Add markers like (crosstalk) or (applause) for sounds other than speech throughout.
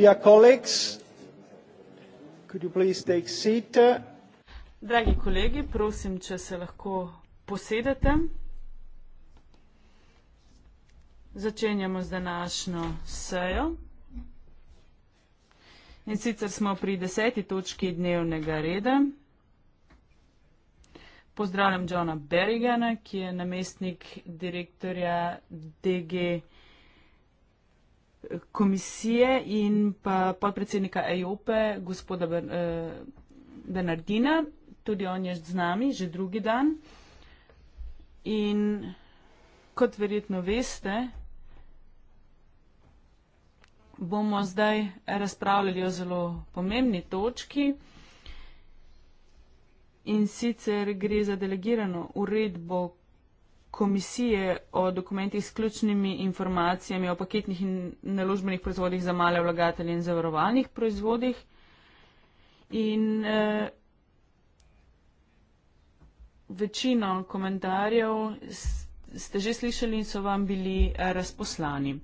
Dear colleagues, could you please take seat? Dragi kolegi, prosim, če se lahko posedete. Začenjamo z današnjo sejo. In sicer smo pri deseti točki dnevnega reda. Pozdravljam Johna Berigana, ki je namestnik direktorja DG komisije in pa podpredsednika EJOPE, gospoda eh, Bernardina. Tudi on je z nami že drugi dan. In kot verjetno veste, bomo zdaj razpravljali o zelo pomembni točki. In sicer gre za delegirano uredbo, komisije o dokumentih s ključnimi informacijami o paketnih in naložbenih proizvodih za male vlagatelje in zavarovalnih proizvodih. In eh, večino komentarjev ste že slišali in so vam bili eh, razposlani.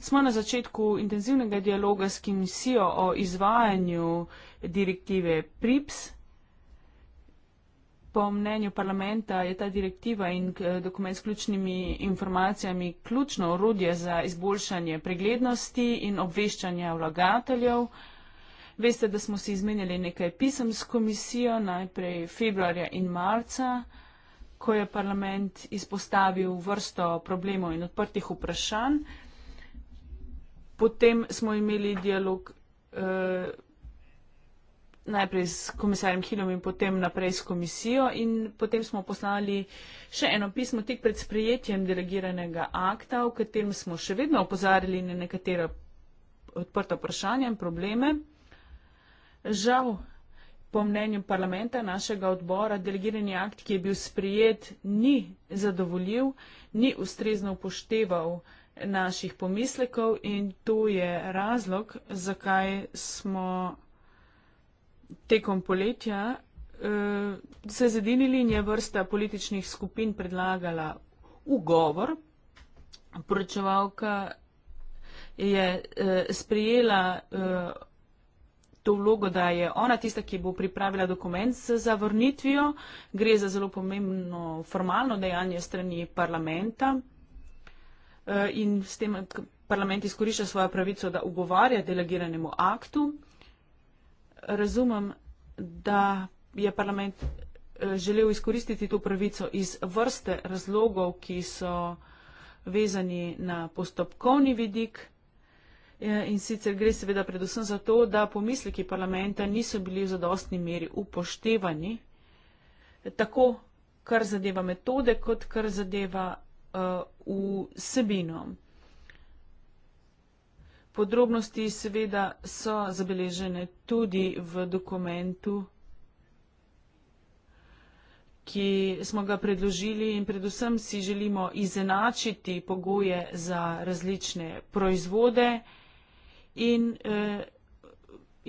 Smo na začetku intenzivnega dialoga s komisijo o izvajanju direktive PRIPS 2001-2001. Po mnenju parlamenta je ta direktiva in eh, dokument s ključnimi informacijami ključno orodje za izboljšanje preglednosti in obveščanja vlagateljev. Veste, da smo si izmenjali nekaj pisem s komisijo, najprej februarja in marca, ko je parlament izpostavil vrsto problemov in odprtih vprašanj. Potem smo imeli dialog. Eh, najprej s komisarjem Hilom in potem naprej s komisijo in potem smo poslali še eno pismo tik pred sprejetjem delegiranega akta, v katerem smo še vedno opozarjali na nekatera odprta vprašanja in probleme. Žal, po mnenju parlamenta našega odbora, delegirani akt, ki je bil sprejet, ni zadovoljiv, ni ustrezno upošteval naših pomislekov in to je razlog, zakaj smo tekom poletja uh, se zedinili in je vrsta političnih skupin predlagala ugovor. Poročevalka je uh, eh, sprijela uh, eh, to vlogo, da je ona tista, ki bo pripravila dokument z zavrnitvijo. Gre za zelo pomembno formalno dejanje strani parlamenta uh, in s tem parlament izkorišča svojo pravico, da ugovarja delegiranemu aktu razumem, da je parlament eh, želel izkoristiti to pravico iz vrste razlogov, ki so vezani na postopkovni vidik. Eh, in sicer gre seveda predvsem za to, da pomisleki parlamenta niso bili v zadostni meri upoštevani, tako kar zadeva metode, kot kar zadeva uh, vsebino. Podrobnosti seveda so zabeležene tudi v dokumentu, ki smo ga predložili in predvsem si želimo izenačiti pogoje za različne proizvode in eh,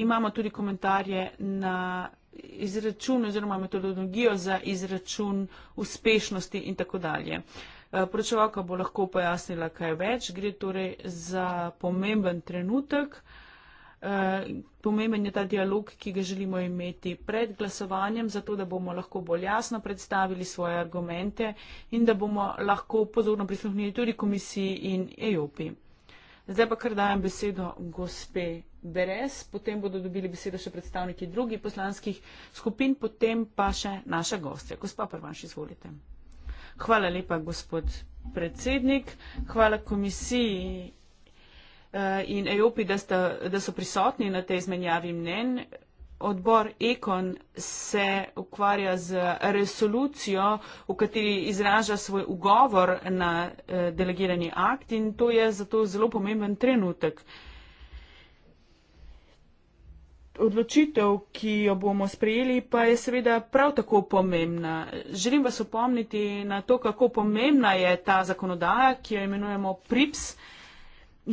imamo tudi komentarje na izračun oziroma metodologijo za izračun uspešnosti in tako dalje. Eh, poročevalka bo lahko pojasnila kaj več. Gre torej za pomemben trenutek. Eh, pomemben je ta dialog, ki ga želimo imeti pred glasovanjem, zato da bomo lahko bolj jasno predstavili svoje argumente in da bomo lahko pozorno prisluhnili tudi komisiji in EOP. Zdaj pa kar dajem besedo gospe Beres, potem bodo dobili besedo še predstavniki drugih poslanskih skupin, potem pa še naše goste. Gospa Prvanš, izvolite. Hvala lepa, gospod predsednik. Hvala komisiji eh, in EOP-i, da, da so prisotni na tej izmenjavi mnen. Odbor Ekon se ukvarja z resolucijo, v kateri izraža svoj ugovor na eh, delegirani akt in to je zato zelo pomemben trenutek odločitev, ki jo bomo sprejeli, pa je seveda prav tako pomembna. Želim vas opomniti na to, kako pomembna je ta zakonodaja, ki jo imenujemo PRIPS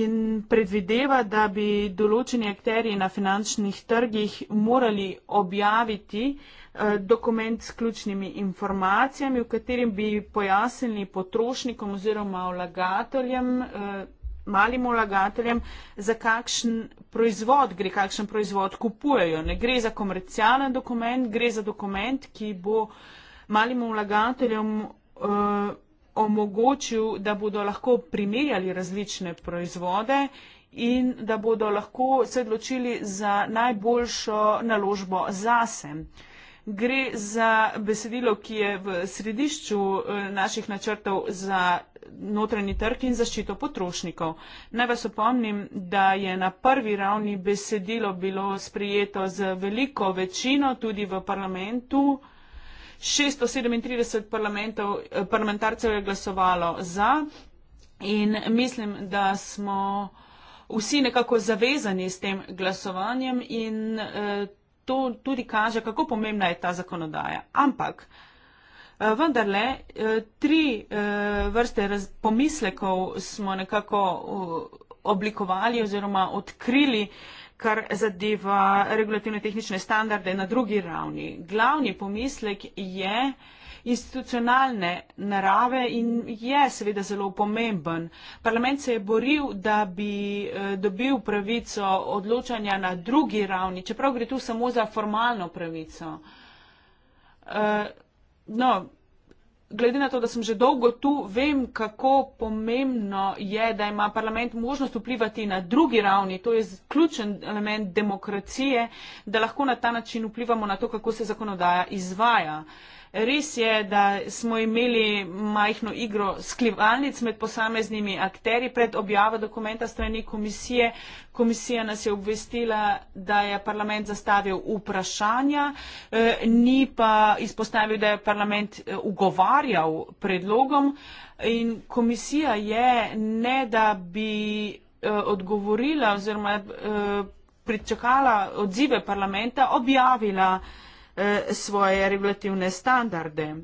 in predvideva, da bi določeni akteri na finančnih trgih morali objaviti eh, dokument s ključnimi informacijami, v katerem bi pojasnili potrošnikom oziroma vlagateljem eh, malim ulagateljem, za kakšen proizvod gre, kakšen proizvod kupujejo. Ne gre za komercialen dokument, gre za dokument, ki bo malim ulagateljem uh, eh, omogočil, da bodo lahko primerjali različne proizvode in da bodo lahko se odločili za najboljšo naložbo zase. Uh, gre za besedilo, ki je v središču eh, naših načrtov za notranji trg in zaščito potrošnikov. Naj vas opomnim, da je na prvi ravni besedilo bilo sprejeto z veliko večino tudi v parlamentu. 637 eh, parlamentarcev je glasovalo za in mislim, da smo vsi nekako zavezani s tem glasovanjem in eh, to tudi kaže, kako pomembna je ta zakonodaja. Ampak eh, vendarle, eh, tri eh, vrste raz, pomislekov smo nekako oblikovali oziroma odkrili, kar zadeva regulativno-tehnične standarde na drugi ravni. Glavni pomislek je, institucionalne narave in je seveda zelo pomemben. Parlament se je boril, da bi eh, dobil pravico odločanja na drugi ravni, čeprav gre tu samo za formalno pravico. Eh, no, glede na to, da sem že dolgo tu, vem, kako pomembno je, da ima parlament možnost vplivati na drugi ravni. To je ključen element demokracije, da lahko na ta način vplivamo na to, kako se zakonodaja izvaja. Uh, Res je, da smo imeli majhno igro sklivalnic med posameznimi akteri pred objavo dokumenta strani komisije. Komisija nas je obvestila, da je parlament zastavil vprašanja, eh, ni pa izpostavil, da je parlament eh, ugovarjal predlogom in komisija je ne, da bi eh, odgovorila oziroma pričakala odzive parlamenta, objavila Eh, svoje regulativne standarde.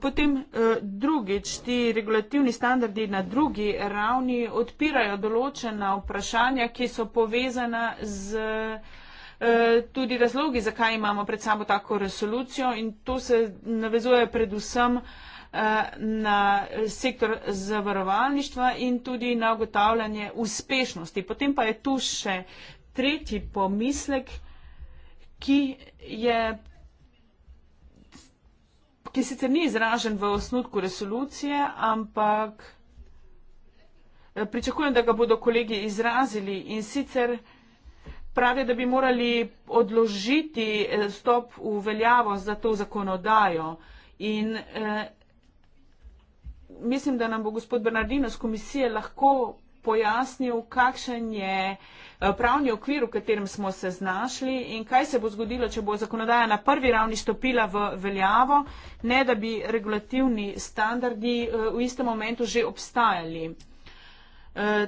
Potem eh, drugič, ti regulativni standardi na drugi ravni odpirajo določena vprašanja, ki so povezana z eh, tudi razlogi, zakaj imamo pred sabo tako resolucijo in to se navezuje predvsem na sektor zavarovalništva in tudi na ugotavljanje uspešnosti. Potem pa je tu še tretji pomislek, ki je. Ki sicer ni izražen v osnutku resolucije, ampak eh, pričakujem, da ga bodo kolegi izrazili in sicer pravi, da bi morali odložiti eh, stop v veljavo za to zakonodajo. In eh, mislim, da nam bo gospod Bernardino z komisije lahko pojasnil, kakšen je eh, pravni okvir, v katerem smo se znašli in kaj se bo zgodilo, če bo zakonodaja na prvi ravni stopila v veljavo, ne da bi regulativni standardi eh, v istem momentu že obstajali. Eh,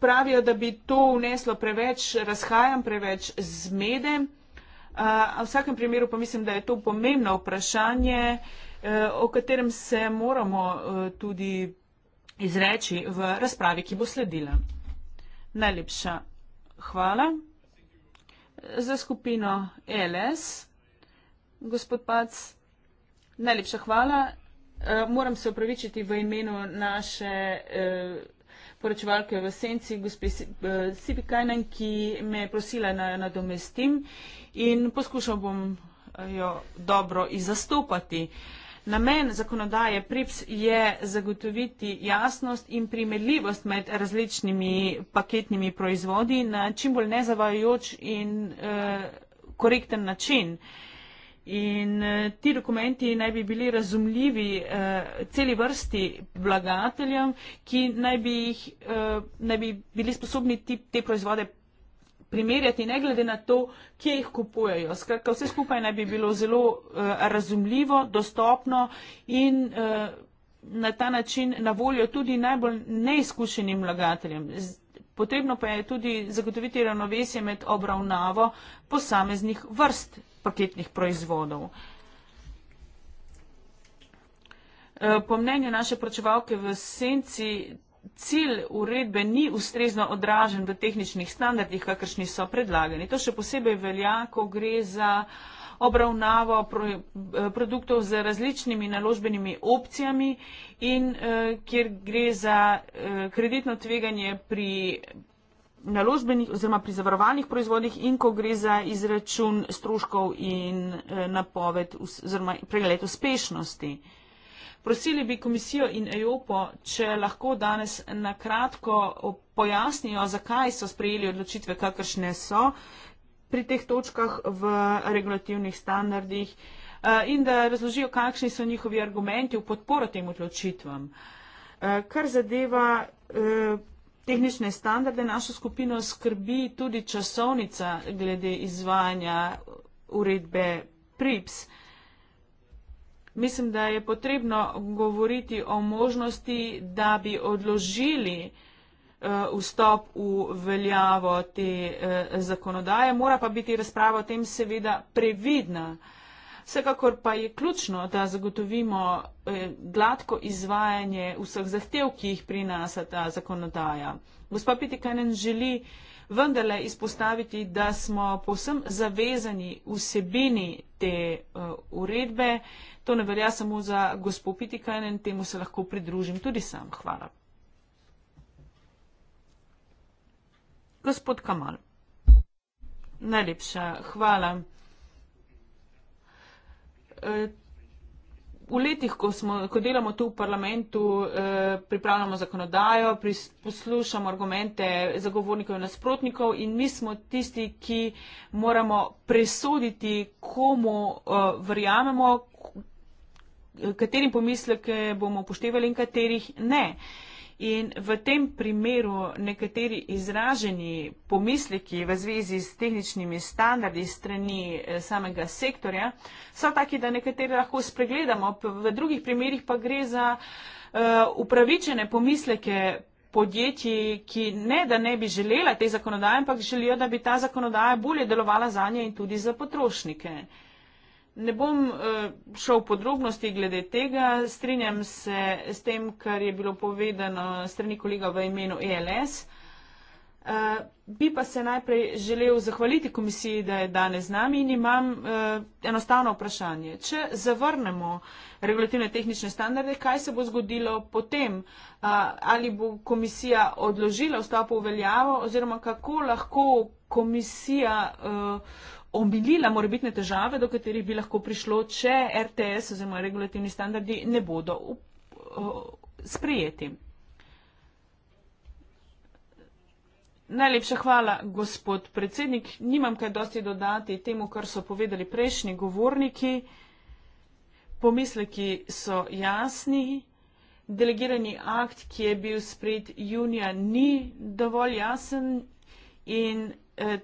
pravijo, da bi to vneslo preveč razhajam, preveč zmede. V vsakem primeru pa mislim, da je to pomembno vprašanje, o katerem se moramo tudi izreči v razpravi, ki bo sledila. Najlepša hvala za skupino e LS. Gospod Pac, najlepša hvala. E, moram se opravičiti v imenu naše e, poročevalke v Senci, gospe Sipi Kajnan, ki me je prosila na, na domestim in poskušal bom jo dobro izastopati. Uh, Namen zakonodaje PRIPS je zagotoviti jasnost in primerljivost med različnimi paketnimi proizvodi na čim bolj nezavajajoč in eh, korekten način. In eh, ti dokumenti naj bi bili razumljivi eh, celi vrsti vlagateljem, ki naj bi, jih, eh, naj bi bili sposobni ti, te proizvode primerjati, ne glede na to, kje jih kupujejo. Skratka, vse skupaj naj bi bilo zelo uh, razumljivo, dostopno in uh, na ta način na voljo tudi najbolj neizkušenim vlagateljem. Potrebno pa je tudi zagotoviti ravnovesje med obravnavo posameznih vrst paketnih proizvodov. Eh, po mnenju naše pročevalke v senci cilj uredbe ni ustrezno odražen v tehničnih standardih, kakršni so predlagani. To še posebej velja, ko gre za obravnavo eh, produktov z različnimi naložbenimi opcijami in eh, kjer gre za eh, kreditno tveganje pri naložbenih oziroma pri zavarovanih proizvodih in ko gre za izračun stroškov in napoved oziroma pregled uspešnosti. Prosili bi komisijo in EOPO, če lahko danes nakratko pojasnijo, zakaj so sprejeli odločitve, kakršne so pri teh točkah v regulativnih standardih eh, in da razložijo, kakšni so njihovi argumenti v podporo tem odločitvam. Eh, kar zadeva eh, tehnične standarde, našo skupino skrbi tudi časovnica glede izvajanja uredbe PRIPS. Mislim, da je potrebno govoriti o možnosti, da bi odložili eh, vstop v veljavo te eh, zakonodaje. Mora pa biti razprava o tem seveda previdna. Vsekakor pa je ključno, da zagotovimo eh, gladko izvajanje vseh zahtev, ki jih prinasa ta zakonodaja. Gospa Pitikanen želi vendarle izpostaviti, da smo posem zavezani vsebini te uredbe. Uh, To ne velja samo za gospod Pitikajn in temu se lahko pridružim tudi sam. Hvala. Gospod Kamal. Najlepša hvala. E, v letih, ko, smo, ko delamo tu v parlamentu, e, pripravljamo zakonodajo, poslušamo argumente zagovornikov in nasprotnikov in mi smo tisti, ki moramo presoditi, komu e, verjamemo, katerim pomisleke bomo upoštevali in katerih ne. In v tem primeru nekateri izraženi pomisleki v zvezi s tehničnimi standardi strani eh, samega sektorja so taki, da nekateri lahko spregledamo, v drugih primerjih pa gre za eh, upravičene pomisleke podjetji, ki ne, da ne bi želela te zakonodaje, ampak želijo, da bi ta zakonodaja bolje delovala za nje in tudi za potrošnike. Ne bom uh, šel v podrobnosti glede tega, strinjam se s tem, kar je bilo povedano strani kolega v imenu ELS. Uh, eh, bi pa se najprej želel zahvaliti komisiji, da je danes z nami in imam uh, enostavno vprašanje. Če zavrnemo regulativne tehnične standarde, kaj se bo zgodilo potem? Uh, ali bo komisija odložila vstop v veljavo oziroma kako lahko komisija. Uh, omilila morebitne težave, do katerih bi lahko prišlo, če RTS oziroma regulativni standardi ne bodo sprejeti. Najlepša hvala, gospod predsednik. Nimam kaj dosti dodati temu, kar so povedali prejšnji govorniki. Pomisleki so jasni. Delegirani akt, ki je bil sprejet junija, ni dovolj jasen in eh,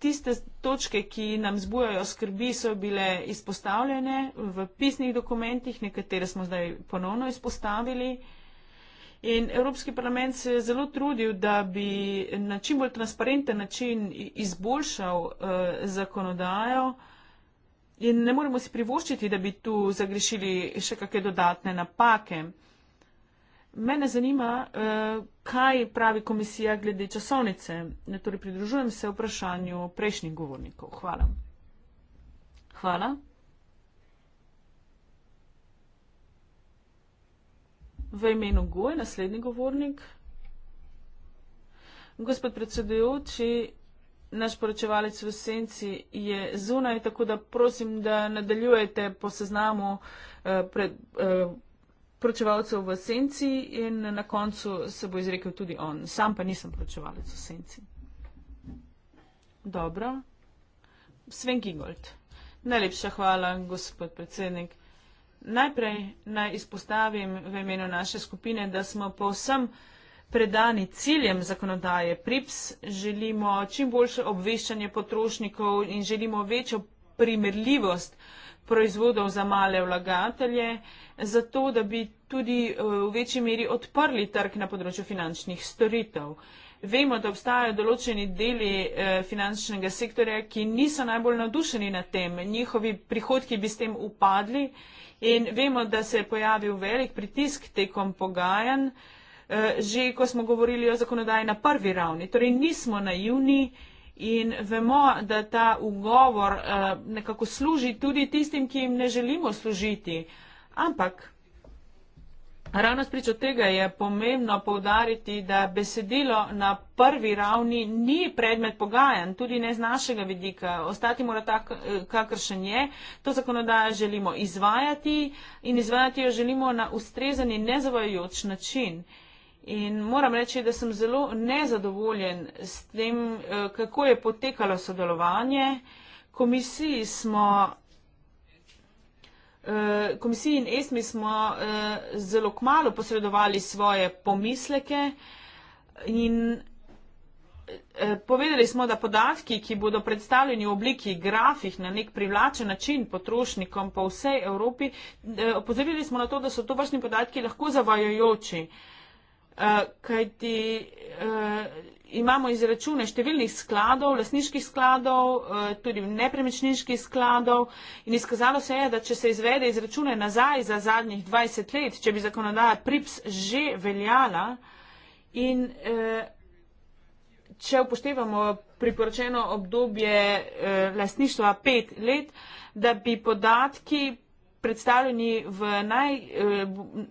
tiste točke, ki nam zbujajo skrbi, so bile izpostavljene v pisnih dokumentih, nekatere smo zdaj ponovno izpostavili. In Evropski parlament se je zelo trudil, da bi na čim bolj transparenten način izboljšal eh, zakonodajo. In ne moremo si privoščiti, da bi tu zagrešili še kakšne dodatne napake. Mene zanima, eh, kaj pravi komisija glede časovnice. Ne, torej pridružujem se vprašanju prejšnjih govornikov. Hvala. Hvala. V imenu Goj, e, naslednji govornik. Gospod predsedujoči, naš poročevalec v senci je zunaj, tako da prosim, da nadaljujete po seznamu eh, pred. Eh, pročevalcev v senci in na koncu se bo izrekel tudi on. Sam pa nisem pročevalec v senci. Dobro. Sven Gingold. Najlepša hvala, gospod predsednik. Najprej naj izpostavim v imenu naše skupine, da smo povsem predani ciljem zakonodaje PRIPS. Želimo čim boljše obveščanje potrošnikov in želimo večjo primerljivost proizvodov za male vlagatelje, zato da bi tudi eh, v večji meri odprli trg na področju finančnih storitev. Vemo, da obstajajo določeni deli eh, finančnega sektorja, ki niso najbolj navdušeni na tem, njihovi prihodki bi s tem upadli in vemo, da se je pojavil velik pritisk tekom pogajanj, eh, že ko smo govorili o zakonodaji na prvi ravni. Torej nismo naivni. In vemo, da ta ugovor eh, nekako služi tudi tistim, ki jim ne želimo služiti. Ampak. Ravno spričo tega je pomembno povdariti, da besedilo na prvi ravni ni predmet pogajanj, tudi ne z našega vidika. Ostati mora tak, eh, kakršen je. To zakonodajo želimo izvajati in izvajati jo želimo na ustrezan in nezavajajoč način. Uh, In moram reči, da sem zelo nezadovoljen s tem, eh, kako je potekalo sodelovanje. Komisiji, smo, eh, komisiji in ESMI smo eh, zelo kmalo posredovali svoje pomisleke in povedali smo, da podatki, ki bodo predstavljeni v obliki grafih na nek privlačen način potrošnikom po vsej Evropi, opozorili smo na to, da so to vrstni podatki lahko zavajojoči. Eh, kajti uh, imamo izračune številnih skladov, lasniških skladov, uh, tudi nepremičninskih skladov in izkazalo se je, da če se izvede izračune nazaj za zadnjih 20 let, če bi zakonodaja PRIPS že veljala in uh, če upoštevamo priporočeno obdobje uh, lasništva 5 let, da bi podatki predstavljeni v naj. Uh,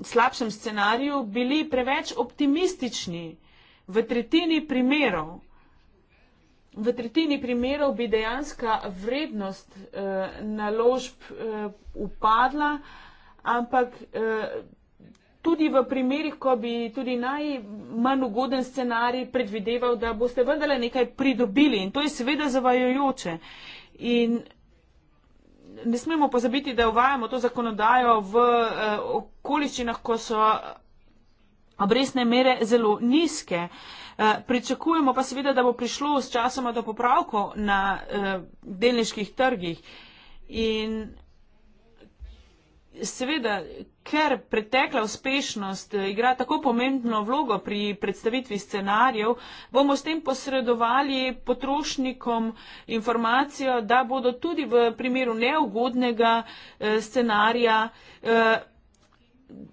slabšem scenariju bili preveč optimistični v tretjini primerov. V tretjini primerov bi dejanska vrednost eh, naložb eh, upadla, ampak eh, tudi v primerih, ko bi tudi najmanj ugoden scenarij predvideval, da boste vendarle nekaj pridobili in to je seveda zavajojoče. In ne smemo pozabiti, da uvajamo to zakonodajo v eh, okoliščinah, ko so obresne mere zelo nizke. Eh, pričakujemo pa seveda, da bo prišlo s časoma do popravkov na eh, delniških trgih. In seveda, ker pretekla uspešnost eh, igra tako pomembno vlogo pri predstavitvi scenarijev, bomo s tem posredovali potrošnikom informacijo, da bodo tudi v primeru neugodnega eh, scenarija eh,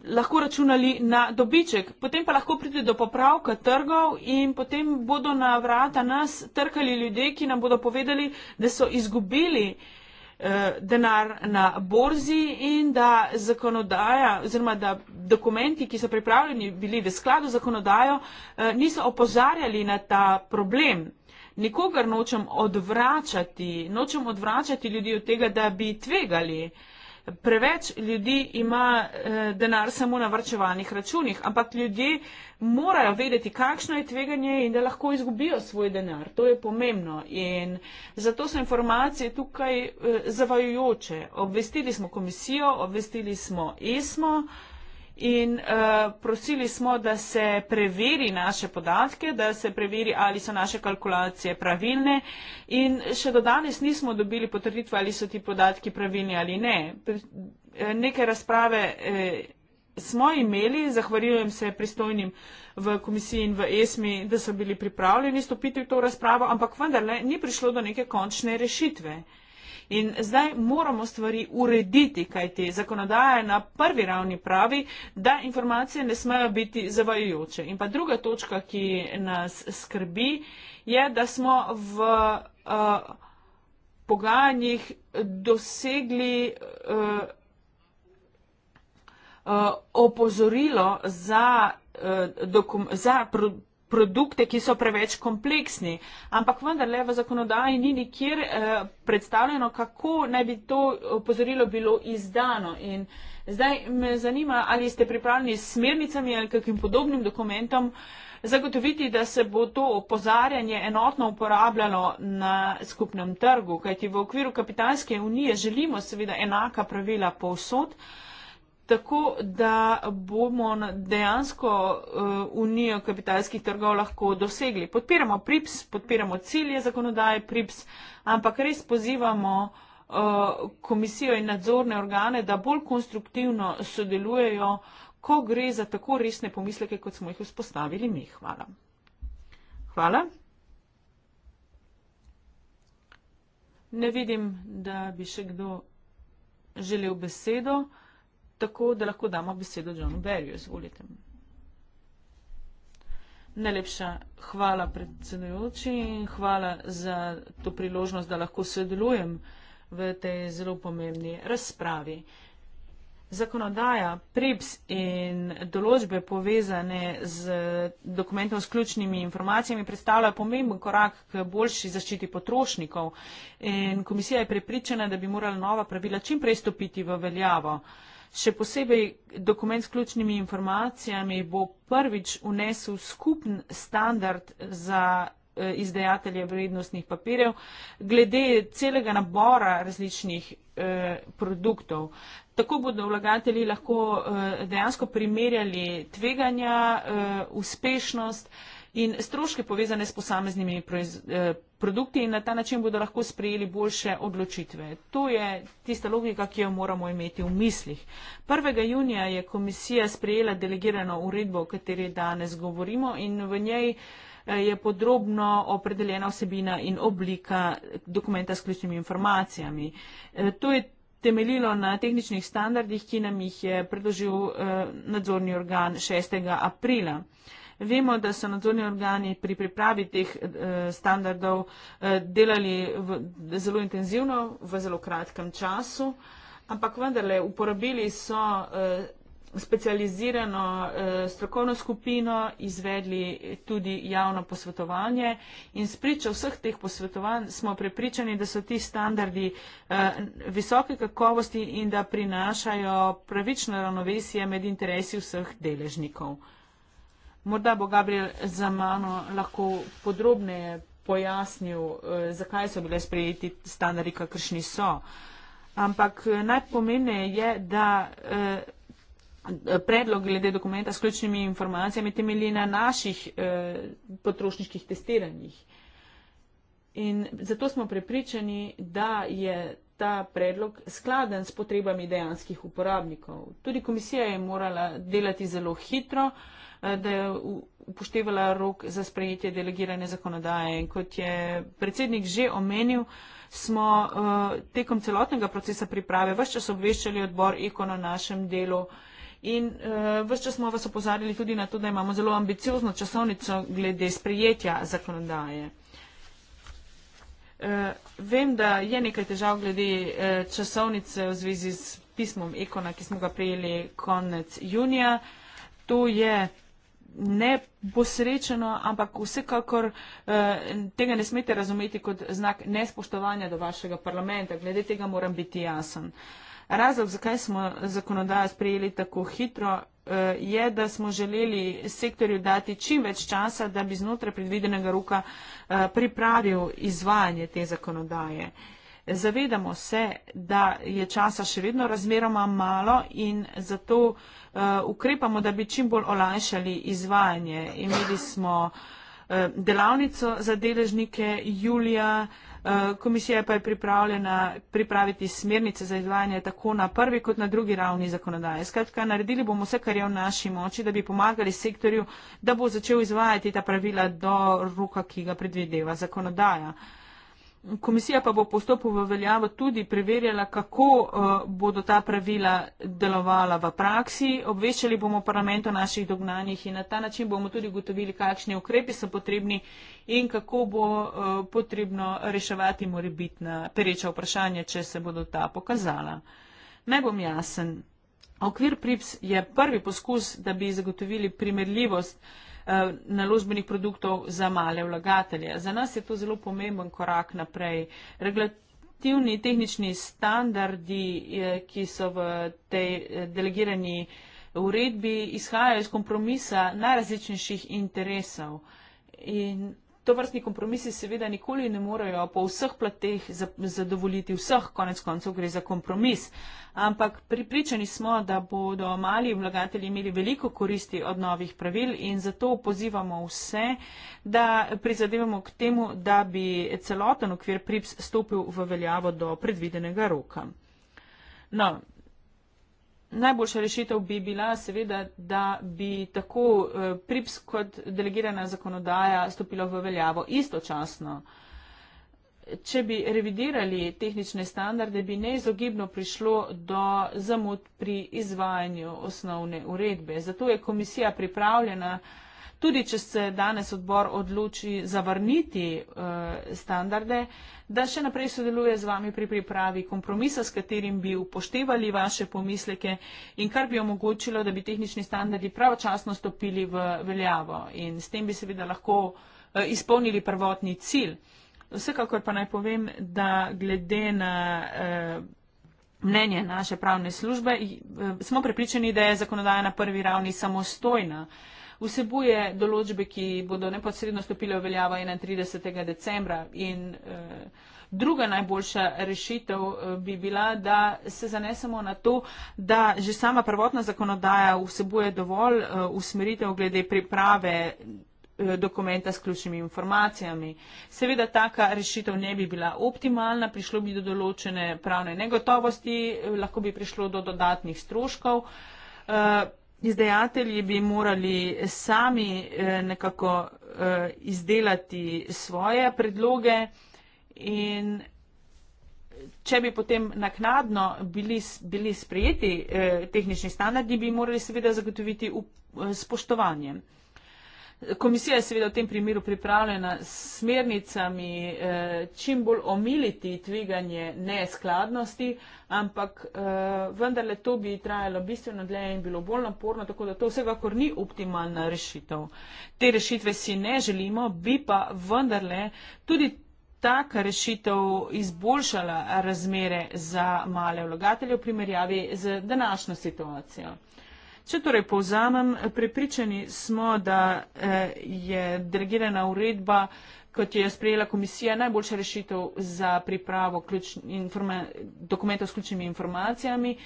lahko računali na dobiček. Potem pa lahko pride do popravka trgov in potem bodo na vrata nas trkali ljudje, ki nam bodo povedali, da so izgubili Eh, denar na borzi in da zakonodaja oziroma da dokumenti, ki so pripravljeni bili v skladu z zakonodajo, eh, niso opozarjali na ta problem. Nikogar nočem odvračati, nočem odvračati ljudi od tega, da bi tvegali. Preveč ljudi ima eh, denar samo na vrčevalnih računih, ampak ljudje morajo vedeti, kakšno je tveganje in da lahko izgubijo svoj denar. To je pomembno in zato so informacije tukaj eh, zavajujoče. Obvestili smo komisijo, obvestili smo ESMO. Eh, in uh, prosili smo, da se preveri naše podatke, da se preveri, ali so naše kalkulacije pravilne in še do danes nismo dobili potrditve, ali so ti podatki pravilni ali ne. Eh, neke razprave eh, smo imeli, zahvaljujem se pristojnim v komisiji in v ESMI, da so bili pripravljeni stopiti v to razpravo, ampak vendarle ni prišlo do neke končne rešitve. Eh, In zdaj moramo stvari urediti, kajti zakonodaja na prvi ravni pravi, da informacije ne smejo biti zavajujoče. In pa druga točka, ki nas skrbi, je, da smo v uh, pogajanjih dosegli uh, uh, opozorilo za, uh, dokum, za pro, produkte, ki so preveč kompleksni. Ampak vendarle v zakonodaji ni nikjer eh, predstavljeno, kako naj bi to opozorilo bilo izdano. In zdaj me zanima, ali ste pripravljeni s smernicami ali kakim podobnim dokumentom zagotoviti, da se bo to opozarjanje enotno uporabljalo na skupnem trgu, kajti v okviru kapitalske unije želimo seveda enaka pravila povsod tako da bomo dejansko uh, unijo kapitalskih trgov lahko dosegli. Podpiramo PRIPS, podpiramo cilje zakonodaje PRIPS, ampak res pozivamo uh, komisijo in nadzorne organe, da bolj konstruktivno sodelujejo, ko gre za tako resne pomisleke, kot smo jih vzpostavili mi. Hvala. Hvala. Ne vidim, da bi še kdo želel besedo tako da lahko damo besedo Johnu Berju. Izvolite. Najlepša hvala predsedujoči in hvala za to priložnost, da lahko sodelujem v tej zelo pomembni razpravi. Zakonodaja, PRIPS in določbe povezane z dokumentom s ključnimi informacijami predstavljajo pomemben korak k boljši zaščiti potrošnikov in komisija je prepričana, da bi morala nova pravila čim prej stopiti v veljavo. Uh, še posebej dokument s ključnimi informacijami bo prvič unesel skupen standard za eh, izdajatelje vrednostnih papirjev glede celega nabora različnih eh, produktov. Tako bodo vlagatelji lahko eh, dejansko primerjali tveganja, uspešnost in stroške povezane s posameznimi proizvodi produkti in na ta način bodo lahko sprejeli boljše odločitve. To je tista logika, ki jo moramo imeti v mislih. 1. junija je komisija sprejela delegirano uredbo, o kateri danes govorimo in v njej eh, je podrobno opredeljena vsebina in oblika dokumenta s ključnimi informacijami. Eh, to je temeljilo na tehničnih standardih, ki nam jih je predložil eh, nadzorni organ 6. aprila. Vemo, da so nadzorni organi pri pripravi teh eh, standardov eh, delali v, zelo intenzivno, v zelo kratkem času, ampak vendarle uporabili so eh, specializirano strokovno skupino, izvedli tudi javno posvetovanje in spričo vseh teh posvetovanj smo prepričani, da so ti standardi visoke kakovosti in da prinašajo pravično ravnovesje med interesi vseh deležnikov. Morda bo Gabriel za mano lahko podrobneje pojasnil, eh, zakaj so bile sprejeti standardi, kakršni so. Ampak eh, najpomembneje je, da eh, predlog glede dokumenta s ključnimi informacijami temelji na naših potrošniških testiranjih. In zato smo prepričani, da je ta predlog skladen s potrebami dejanskih uporabnikov. Tudi komisija je morala delati zelo hitro, Eh, da je upoštevala rok za sprejetje delegirane zakonodaje. In kot je predsednik že omenil, smo eh, tekom celotnega procesa priprave vse čas obveščali odbor Eko na našem delu. In uh, eh, vse čas smo vas opozarjali tudi na to, da imamo zelo ambiciozno časovnico glede sprejetja zakonodaje. Uh, vem, da je nekaj težav glede uh, časovnice v zvezi s pismom Ekona, ki smo ga prejeli konec junija. To je ne bo srečeno, ampak vsekakor eh, tega ne smete razumeti kot znak nespoštovanja do vašega parlamenta. Glede tega moram biti jasen. Razlog, zakaj smo zakonodajo sprejeli tako hitro, eh, je, da smo želeli sektorju dati čim več časa, da bi znotraj predvidenega roka eh, pripravil izvajanje te zakonodaje. Eh, Zavedamo se, da je časa še vedno razmeroma malo in zato eh, ukrepamo, da bi čim bolj olajšali izvajanje. Imeli smo eh, delavnico za deležnike julija, eh, komisija pa je pripravljena pripraviti smernice za izvajanje tako na prvi kot na drugi ravni zakonodaje. Skratka, naredili bomo vse, kar je v naši moči, da bi pomagali sektorju, da bo začel izvajati ta pravila do roka, ki ga predvideva zakonodaja. Komisija pa bo postopu v veljavo tudi preverjala, kako eh, bodo ta pravila delovala v praksi. Obveščali bomo parlament o naših dognanjih in na ta način bomo tudi ugotovili, kakšni ukrepi so potrebni in kako bo eh, potrebno reševati morebitna pereča vprašanja, če se bodo ta pokazala. Naj bom jasen. Okvir PRIPS je prvi poskus, da bi zagotovili primerljivost Eh, naložbenih produktov za male vlagatelje. Za nas je to zelo pomemben korak naprej. Regulativni tehnični standardi, eh, ki so v tej eh, delegirani uredbi, izhajajo iz kompromisa najrazličnejših interesov. In to vrstni kompromisi seveda nikoli ne morejo po vseh plateh zadovoljiti vseh, konec koncev gre za kompromis. Ampak pripričani smo, da bodo mali vlagatelji imeli veliko koristi od novih pravil in zato pozivamo vse, da prizadevamo k temu, da bi celoten okvir PRIPS stopil v veljavo do predvidenega roka. No, najboljša rešitev bi bila seveda, da bi tako eh, PRIPS kot delegirana zakonodaja stopila v veljavo istočasno. Če bi revidirali tehnične standarde, bi neizogibno prišlo do zamud pri izvajanju osnovne uredbe. Zato je komisija pripravljena tudi če se danes odbor odloči zavrniti eh, standarde, da še naprej sodeluje z vami pri pripravi kompromisa, s katerim bi upoštevali vaše pomisleke in kar bi omogočilo, da bi tehnični standardi pravočasno stopili v veljavo in s tem bi seveda lahko eh, izpolnili prvotni cilj. Vsekakor pa naj povem, da glede na eh, mnenje naše pravne službe smo prepričani, da je zakonodaja na prvi ravni samostojna vsebuje določbe, ki bodo neposredno stopile v veljavo 31. decembra. In eh, druga najboljša rešitev eh, bi bila, da se zanesemo na to, da že sama prvotna zakonodaja vsebuje dovolj eh, usmeritev glede priprave eh, dokumenta s ključnimi informacijami. Seveda taka rešitev ne bi bila optimalna, prišlo bi do določene pravne negotovosti, eh, lahko bi prišlo do dodatnih stroškov. Izdajatelji bi morali sami eh, nekako eh, izdelati svoje predloge in če bi potem naknadno bili, bili sprejeti eh, tehnični standardi, bi morali seveda zagotoviti spoštovanje. Komisija je seveda v tem primeru pripravljena s smernicami eh, čim bolj omiliti tveganje neskladnosti, ampak eh, vendarle to bi trajalo bistveno dlje in bilo bolj naporno, tako da to vsekakor ni optimalna rešitev. Te rešitve si ne želimo, bi pa vendarle tudi taka rešitev izboljšala razmere za male vlagatelje v primerjavi z današnjo situacijo. Če torej povzamem, prepričani smo, da eh, je delegirana uredba, kot je sprejela komisija, najboljša rešitev za pripravo dokumentov s ključnimi informacijami.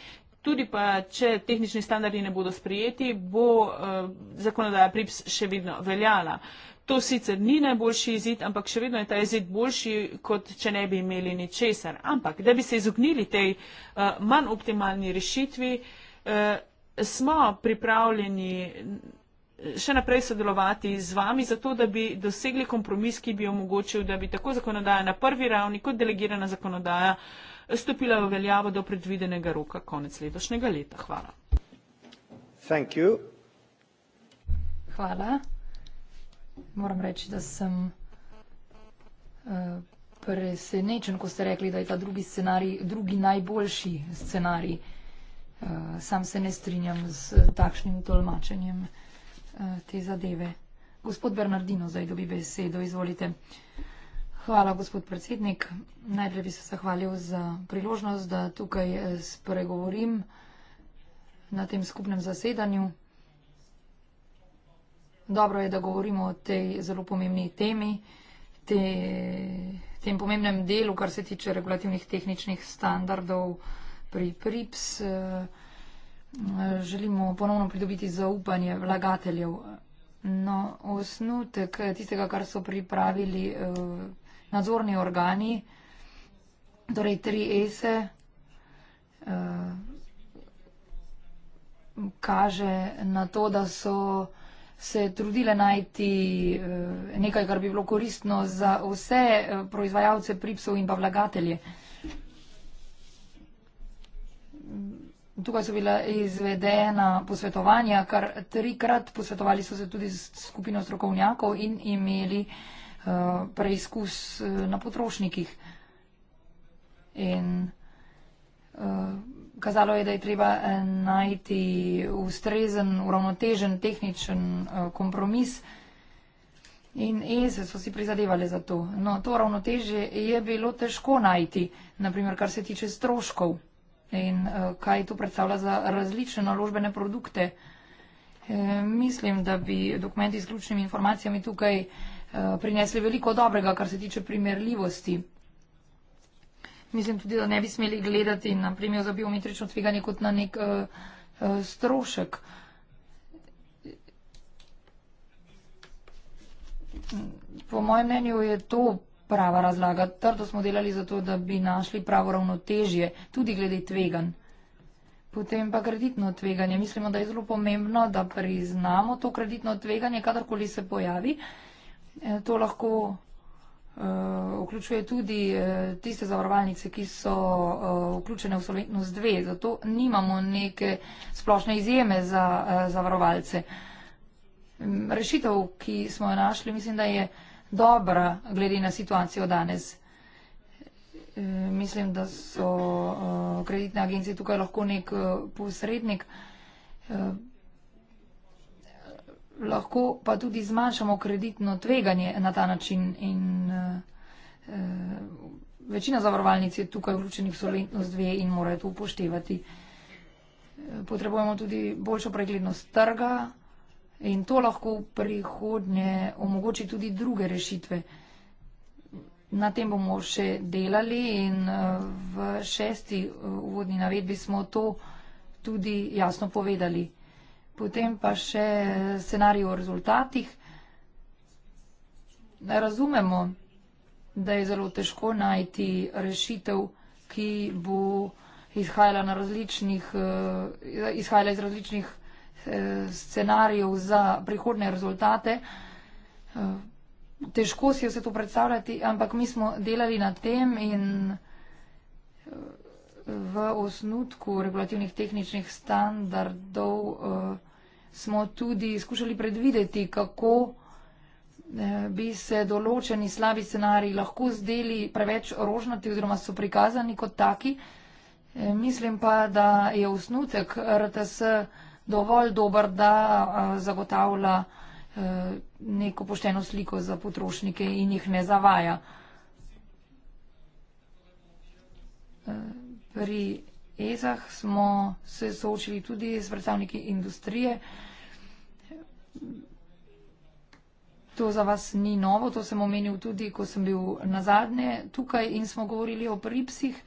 Tudi pa, če tehnični standardi ne bodo sprijeti, bo eh, zakonodaja PRIPS še vedno veljala. To sicer ni najboljši izid, ampak še vedno je ta izid boljši, kot če ne bi imeli ničesar. Ampak, da bi se izognili tej eh, manj optimalni rešitvi, smo pripravljeni še naprej sodelovati z vami, zato da bi dosegli kompromis, ki bi omogočil, da bi tako zakonodaja na prvi ravni kot delegirana zakonodaja stopila v veljavo do predvidenega roka konec letošnjega leta. Hvala. Thank you. Hvala. Moram reči, da sem uh, presenečen, ko ste rekli, da je ta drugi scenarij, drugi najboljši scenarij. Uh, Eh, sam se ne strinjam z takšnim tolmačenjem eh, te zadeve. Gospod Bernardino, zdaj dobi besedo, izvolite. Hvala, gospod predsednik. Najprej bi se zahvalil za priložnost, da tukaj eh, spregovorim na tem skupnem zasedanju. Dobro je, da govorimo o tej zelo pomembni temi, te, tem pomembnem delu, kar se tiče regulativnih tehničnih standardov pri PRIPS. Eh, eh, želimo ponovno pridobiti zaupanje vlagateljev. No, osnutek tistega, kar so pripravili eh, nadzorni organi, torej tri ese, kaže na to, da so se trudile najti nekaj, kar bi bilo koristno za vse proizvajalce pripsov in pa vlagatelje. Tukaj so bila izvedena posvetovanja, kar trikrat posvetovali so se tudi s skupino strokovnjakov in imeli uh, preizkus eh, na potrošnikih. In uh, kazalo je, da je treba najti ustrezen, uravnotežen, tehničen uh, kompromis. In ESE e so si prizadevali za to. No, to ravnoteže je bilo težko najti, naprimer, kar se tiče stroškov in uh, kaj to predstavlja za različne naložbene produkte. E, mislim, da bi dokumenti s ključnimi informacijami tukaj uh, prinesli veliko dobrega, kar se tiče primerljivosti. Mislim tudi, da ne bi smeli gledati na primjer za biometrično tveganje kot na nek uh, uh, strošek. Po mojem mnenju je to prava razlaga. Trdo smo delali zato, da bi našli pravo ravnotežje, tudi glede tvegan. Potem pa kreditno tveganje. Mislimo, da je zelo pomembno, da priznamo to kreditno tveganje, kadarkoli se pojavi. E, to lahko uh, vključuje tudi uh, tiste zavarovalnice, ki so uh, vključene v solventnost 2. Zato nimamo neke splošne izjeme za uh, zavarovalce. Rešitev, ki smo jo našli, mislim, da je uh, dobra, glede na situacijo danes. E, mislim, da so e, kreditne agencije tukaj lahko nek e, posrednik. Lahko pa tudi zmanjšamo kreditno tveganje na ta način in večina zavarovalnic je tukaj vključenih v solidnost dve in morajo to upoštevati. Potrebujemo tudi boljšo preglednost trga. In to lahko v prihodnje omogoči tudi druge rešitve. Na tem bomo še delali in eh, v šesti eh, uvodni navedbi smo to tudi jasno povedali. Potem pa še scenarij o rezultatih. Razumemo, da je zelo težko najti rešitev, ki bo izhajala, na različnih, eh, izhajala iz različnih scenarijev za prihodne rezultate. Težko si vse to predstavljati, ampak mi smo delali na tem in v osnutku regulativnih tehničnih standardov smo tudi skušali predvideti, kako bi se določeni slabi scenariji lahko zdeli preveč rožnati oziroma so prikazani kot taki. Mislim pa, da je osnutek RTS dovolj dober, da zagotavlja e, neko pošteno sliko za potrošnike in jih ne zavaja. E, pri ESAH smo se soočili tudi s predstavniki industrije. To za vas ni novo, to sem omenil tudi, ko sem bil nazadnje tukaj in smo govorili o pripsih.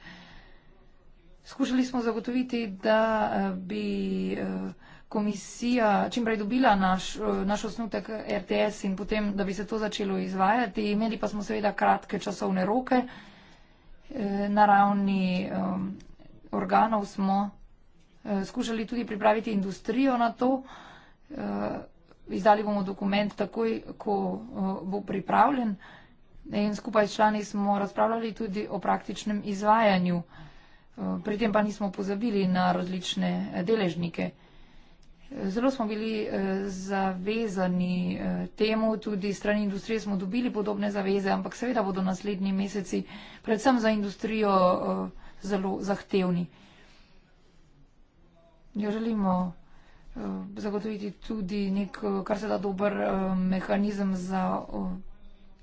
Skušali smo zagotoviti, da e, bi. Uh, komisija čim prej dobila naš, naš osnutek RTS in potem, da bi se to začelo izvajati. Imeli pa smo seveda kratke časovne roke. E, na ravni um, organov smo e, skušali tudi pripraviti industrijo na to. E, izdali bomo dokument takoj, ko bo pripravljen. In skupaj s člani smo razpravljali tudi o praktičnem izvajanju. Pri tem pa nismo pozabili na različne deležnike. Zelo smo bili eh, zavezani eh, temu, tudi strani industrije smo dobili podobne zaveze, ampak seveda bodo naslednji meseci predvsem za industrijo eh, zelo zahtevni. Jo ja, želimo zagotoviti tudi nek, kar se da dober mehanizem za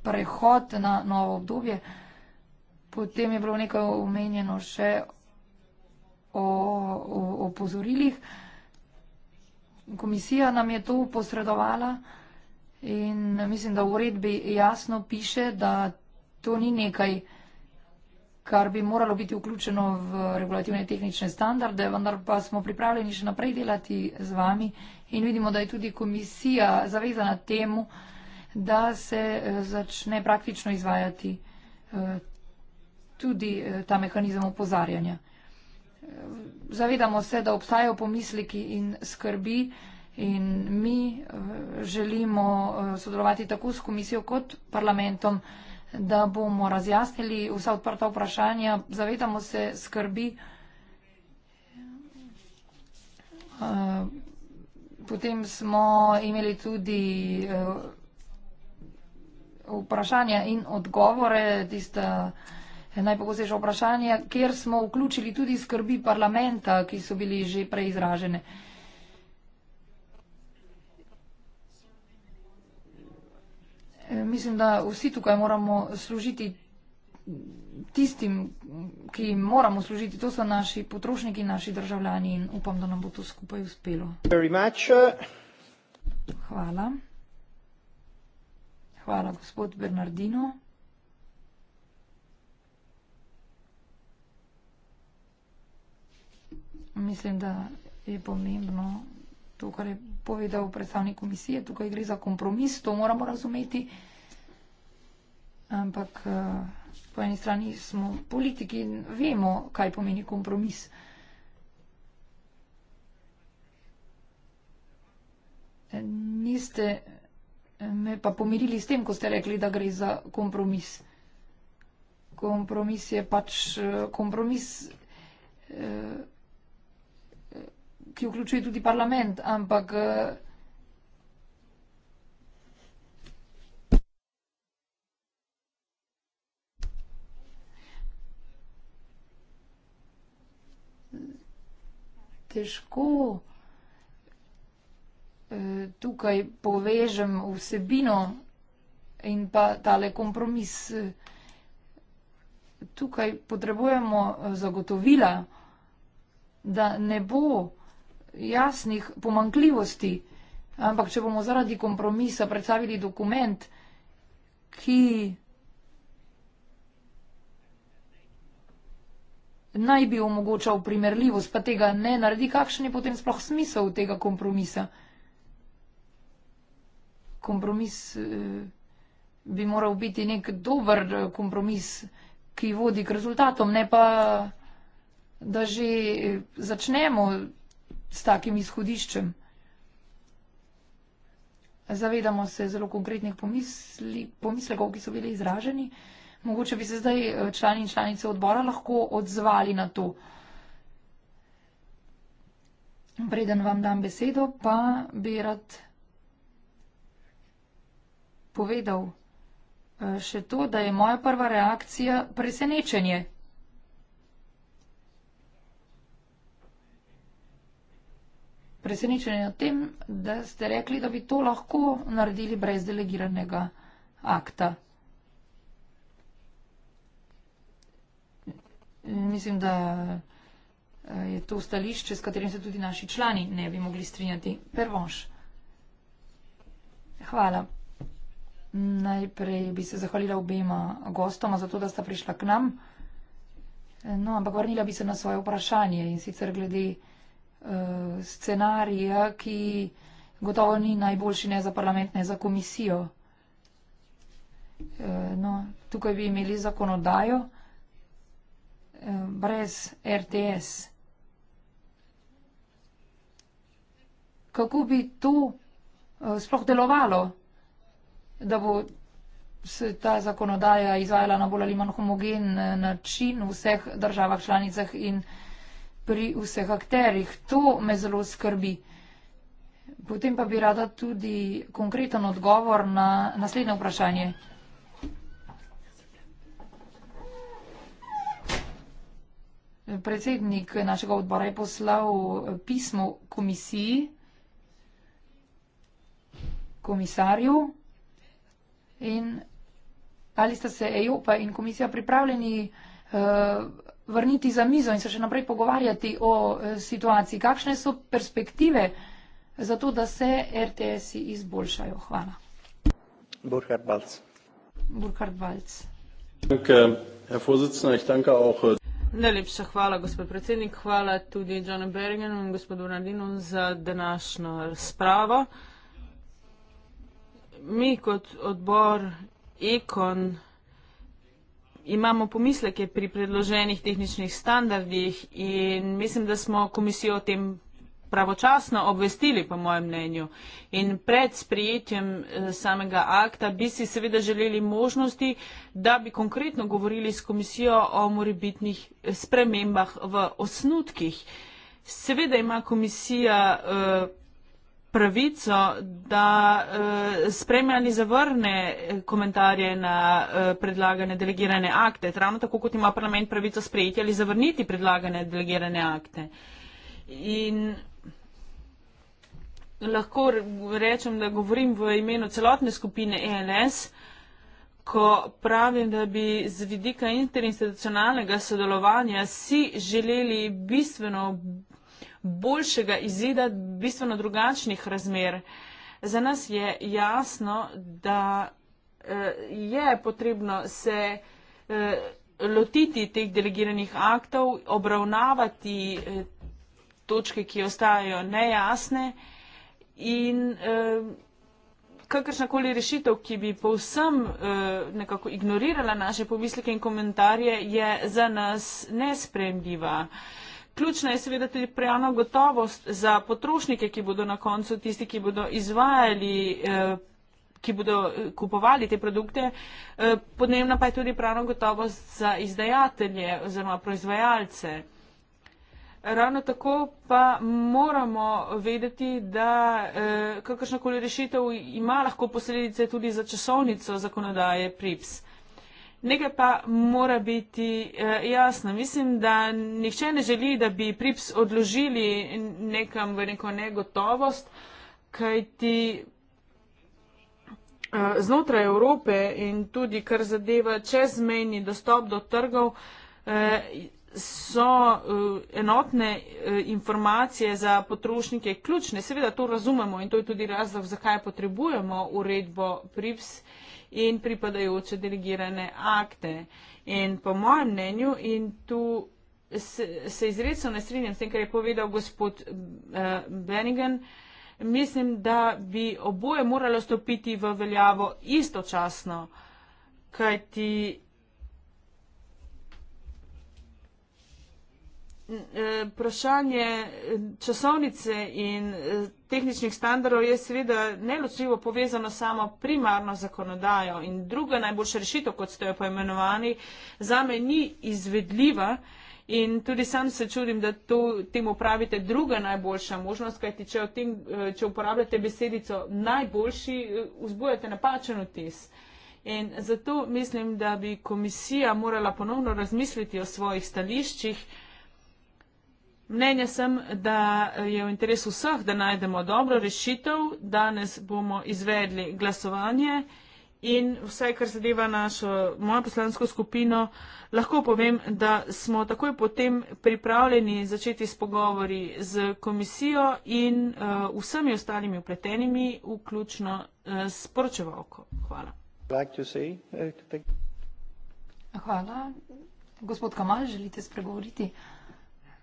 prehod na novo obdobje. Potem je bilo nekaj omenjeno še o opozorilih. O komisija nam je to posredovala in mislim, da v uredbi jasno piše, da to ni nekaj, kar bi moralo biti vključeno v regulativne tehnične standarde, vendar pa smo pripravljeni še naprej delati z vami in vidimo, da je tudi komisija zavezana temu, da se eh, začne praktično izvajati eh, tudi eh, ta mehanizem opozarjanja. Zavedamo se, da obstajajo pomisliki in skrbi in mi eh, želimo eh, sodelovati tako s komisijo kot parlamentom, da bomo razjasnili vsa odprta vprašanja. Zavedamo se skrbi. Eh, potem smo imeli tudi vprašanja in odgovore, tista najpogostejša vprašanja, kjer smo vključili tudi skrbi parlamenta, ki so bili že preizražene. E, mislim, da vsi tukaj moramo služiti tistim, ki jim moramo služiti. To so naši potrošniki, naši državljani in upam, da nam bo to skupaj uspelo. Uh. Hvala. Hvala, gospod Bernardino. mislim, da je pomembno to, kar je povedal predstavnik komisije. Tukaj gre za kompromis, to moramo razumeti. Ampak eh, po eni strani smo politiki in vemo, kaj pomeni kompromis. Niste me pa pomirili s tem, ko ste rekli, da gre za kompromis. Kompromis je pač eh, kompromis. Eh, ki vključuje tudi parlament, ampak. Eh, težko eh, tukaj povežem vsebino in pa tale kompromis. Tukaj potrebujemo eh, zagotovila, da ne bo jasnih pomankljivosti, ampak če bomo zaradi kompromisa predstavili dokument, ki naj bi omogočal primerljivost, pa tega ne naredi, kakšen je potem sploh smisel tega kompromisa? Kompromis eh, bi moral biti nek dober eh, kompromis, ki vodi k rezultatom, ne pa, da že eh, začnemo s takim izhodiščem. Zavedamo se zelo konkretnih pomisli, pomislekov, ki so bili izraženi. Mogoče bi se zdaj eh, člani in članice odbora lahko odzvali na to. Preden vam dam besedo, pa bi rad povedal eh, še to, da je moja prva reakcija presenečenje. presenečeni o tem, da ste rekli, da bi to lahko naredili brez delegiranega akta. Mislim, da eh, je to stališče, s katerim se tudi naši člani ne bi mogli strinjati. Prvonš. Hvala. Najprej bi se zahvalila obema gostoma za to, da sta prišla k nam. No, ampak vrnila bi se na svoje vprašanje in sicer glede uh, scenarija, ki gotovo ni najboljši ne za parlament, ne za komisijo. Uh, no, tukaj bi imeli zakonodajo uh, brez RTS. Kako bi to uh, sploh delovalo, da bo se ta zakonodaja izvajala na bolj ali manj homogen način v vseh državah članicah in uh, pri vseh akterjih. To me zelo skrbi. Potem pa bi rada tudi konkreten odgovor na naslednje vprašanje. Predsednik našega odbora je poslal pismo komisiji, komisarju in ali sta se EU pa in komisija pripravljeni uh, vrniti za mizo in se še naprej pogovarjati o eh, situaciji. Kakšne so perspektive za to, da se RTS-i izboljšajo? Hvala. Burkhard Balc. Burkhard Balc. Äh, Najlepša hvala, gospod predsednik. Hvala tudi Johnu Bergenu in gospodu Nadinu za današnjo razpravo. Mi kot odbor ekon imamo pomisleke pri predloženih tehničnih standardih in mislim, da smo komisijo o tem pravočasno obvestili, po mojem mnenju. In pred sprijetjem eh, samega akta bi si seveda želeli možnosti, da bi konkretno govorili s komisijo o moribitnih eh, spremembah v osnutkih. Seveda ima komisija. Uh, pravico, da uh, eh, spremlja ali zavrne komentarje na uh, predlagane delegirane akte, ravno tako kot ima parlament pravico sprejeti ali zavrniti predlagane delegirane akte. In lahko rečem, da govorim v imenu celotne skupine ENS, ko pravim, da bi z vidika interinstitucionalnega sodelovanja si želeli bistveno boljšega izida bistveno drugačnih razmer. Za nas je jasno, da eh, je potrebno se eh, lotiti teh delegiranih aktov, obravnavati eh, točke, ki ostajajo nejasne in kakršnakoli rešitev, ki bi povsem nekako ignorirala naše pomisleke in komentarje, je za nas nespremljiva. Ključna je seveda tudi prejavna gotovost za potrošnike, ki bodo na koncu tisti, ki bodo izvajali, eh, ki bodo eh, kupovali te produkte. Eh, podnebna pa je tudi prejavna gotovost za izdajatelje oziroma proizvajalce. Ravno tako pa moramo vedeti, da kakršnakoli rešitev ima lahko posledice tudi za časovnico zakonodaje PRIPS. Nekaj pa mora biti eh, jasno. Mislim, da nihče ne želi, da bi PRIPS odložili nekam v neko negotovost, kajti eh, znotraj Evrope in tudi kar zadeva čezmejni dostop do trgov eh, so enotne informacije za potrošnike ključne. Seveda to razumemo in to je tudi razlog, zakaj potrebujemo uredbo PRIPS in pripadajoče delegirane akte. In po mojem mnenju, in tu se, se izredno ne strinjam s tem, kar je povedal gospod eh, Benigan, mislim, da bi oboje moralo stopiti v veljavo istočasno, kajti. Eh, vprašanje eh, časovnice in tehničnih standardov je seveda neločljivo povezano samo primarno zakonodajo in druga najboljša rešitev, kot ste jo poimenovani, za me ni izvedljiva in tudi sam se čudim, da to, tem upravite druga najboljša možnost, kajti če, tem, eh, če uporabljate besedico najboljši, eh, vzbujate napačen vtis. In zato mislim, da bi komisija morala ponovno razmisliti o svojih stališčih. Mnenja sem, da je v interesu vseh, da najdemo dobro rešitev. Danes bomo izvedli glasovanje in vse, kar zadeva našo, mojo poslansko skupino, lahko povem, da smo takoj potem pripravljeni začeti s pogovori z komisijo in uh, vsemi ostalimi upletenimi, vključno uh, s poročevalko. Hvala. Eh, Hvala. Gospod Kamal, želite spregovoriti?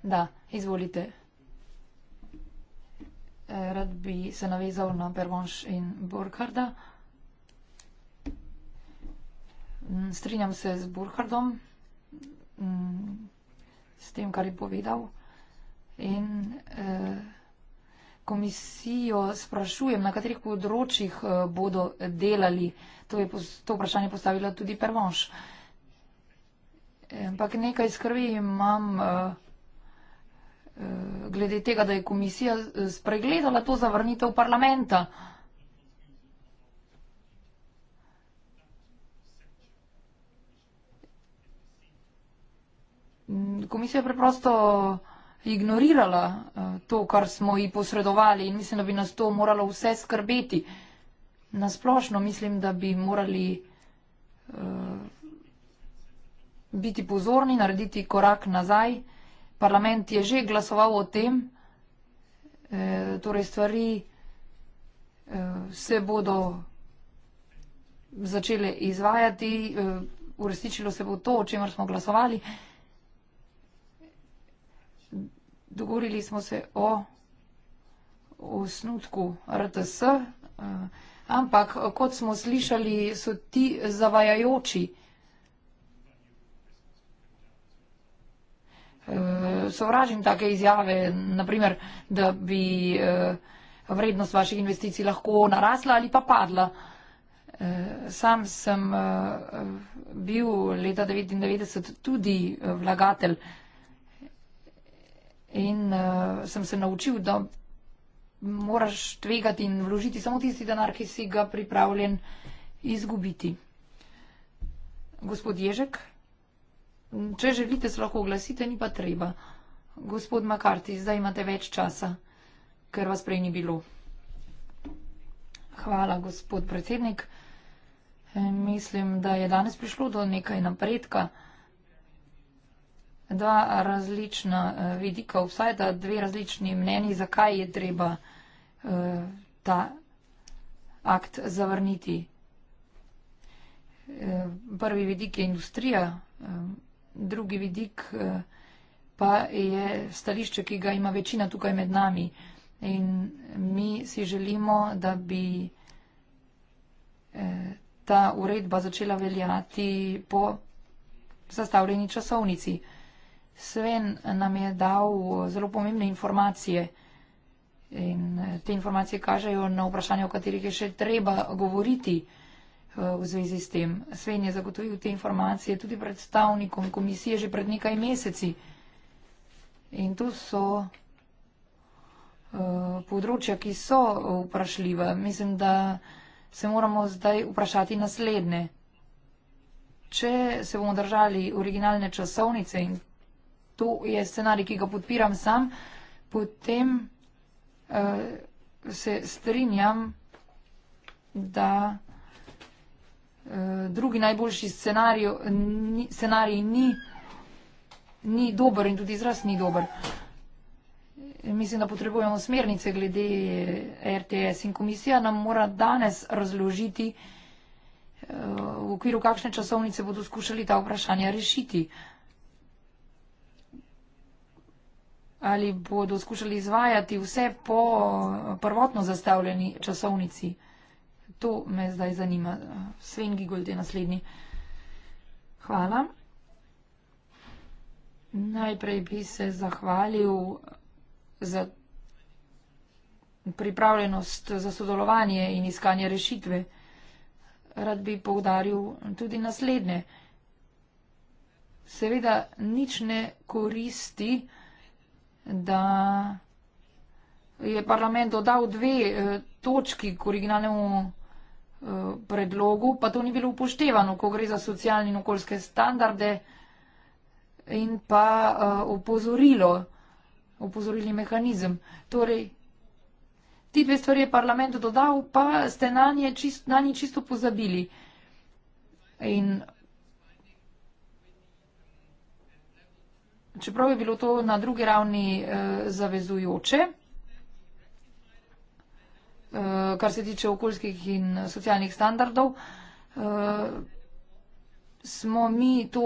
Da, izvolite. E, rad bi se navezal na Bergonš in Burkharda. Mm, strinjam se z Burkhardom, mm, s tem, kar je povedal. In e, komisijo sprašujem, na katerih področjih e, bodo delali. To je to vprašanje postavila tudi Pervonš. Ampak nekaj skrbi imam glede tega, da je komisija eh, spregledala to zavrnitev parlamenta. Komisija je preprosto ignorirala eh, to, kar smo ji posredovali in mislim, da bi nas to moralo vse skrbeti. Nasplošno mislim, da bi morali uh, biti pozorni, narediti korak nazaj. Parlament je že glasoval o tem, eh, torej stvari eh, se bodo začele izvajati, eh, uresničilo se bo to, o čemer smo glasovali. Dogovorili smo se o osnutku RTS, ampak kot smo slišali, so ti zavajajoči. Eh, sovražim take izjave, naprimer, da bi eh, vrednost vaših investicij lahko narasla ali pa padla. Eh, sam sem bil leta 1999 tudi vlagatelj in sem se naučil, da moraš tvegati in vložiti samo tisti denar, ki si ga pripravljen izgubiti. Gospod Ježek. Če želite, se lahko oglasite, ni pa treba. Gospod Makarti, zdaj imate več časa, ker vas prej ni bilo. Hvala, gospod predsednik. Eh, mislim, da je danes prišlo do nekaj napredka. Dva različna eh, vidika, vsaj da dve različni mneni, zakaj je treba eh, ta akt zavrniti. Prvi vidik je industrija drugi vidik eh, pa je stališče, ki ga ima večina tukaj med nami. In mi si želimo, da bi eh, ta uredba začela veljati po zastavljeni časovnici. Sven nam je dal zelo pomembne informacije in eh, te informacije kažejo na vprašanje, o katerih je še treba govoriti. Eh, v zvezi s tem. Sven je zagotovil te informacije tudi predstavnikom komisije že pred nekaj meseci. In to so uh, področja, ki so vprašljiva. Mislim, da se moramo zdaj vprašati naslednje. Če se bomo držali originalne časovnice in to je scenarij, ki ga podpiram sam, potem uh, se strinjam, da drugi najboljši scenarij, scenarij ni, ni dober in tudi izraz ni dober. Mislim, da potrebujemo smernice glede RTS in komisija nam mora danes razložiti, eh, v okviru kakšne časovnice bodo skušali ta vprašanja rešiti. Ali bodo skušali izvajati vse po prvotno zastavljeni časovnici. To me zdaj zanima. Sven Gigold je naslednji. Hvala. Najprej bi se zahvalil za pripravljenost za sodelovanje in iskanje rešitve. Rad bi povdaril tudi naslednje. Seveda nič ne koristi, da je parlament dodal dve eh, točki k originalnemu predlogu, pa to ni bilo upoštevano, ko gre za socialni in okoljske standarde in pa uh, opozorilo, opozorili mehanizem. Torej, ti dve stvari je parlament dodal, pa ste na nje čist, na čisto pozabili. In čeprav je bilo to na drugi ravni uh, zavezujoče, Eh, kar se tiče okoljskih in socialnih standardov. Eh, smo mi to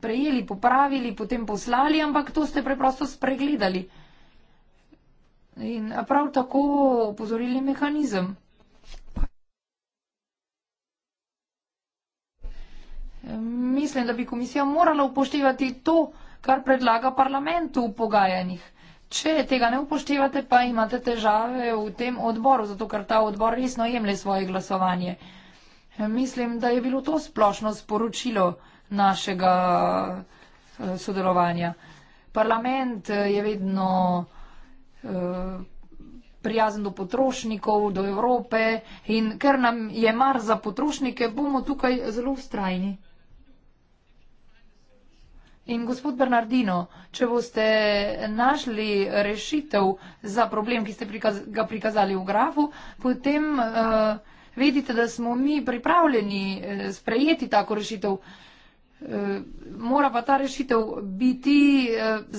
prejeli, popravili, potem poslali, ampak to ste preprosto spregledali. In prav tako opozorili mehanizem. Mislim, da bi komisija morala upoštevati to, kar predlaga parlamentu v pogajanjih. Če tega ne upoštevate, pa imate težave v tem odboru, zato ker ta odbor resno jemlje svoje glasovanje. Mislim, da je bilo to splošno sporočilo našega eh, sodelovanja. Parlament eh, je vedno eh, prijazen do potrošnikov, do Evrope in ker nam je mar za potrošnike, bomo tukaj zelo ustrajni. In gospod Bernardino, če boste našli rešitev za problem, ki ste ga prikazali v grafu, potem uh, vedite, da smo mi pripravljeni eh, sprejeti tako rešitev. Eh, mora pa ta rešitev biti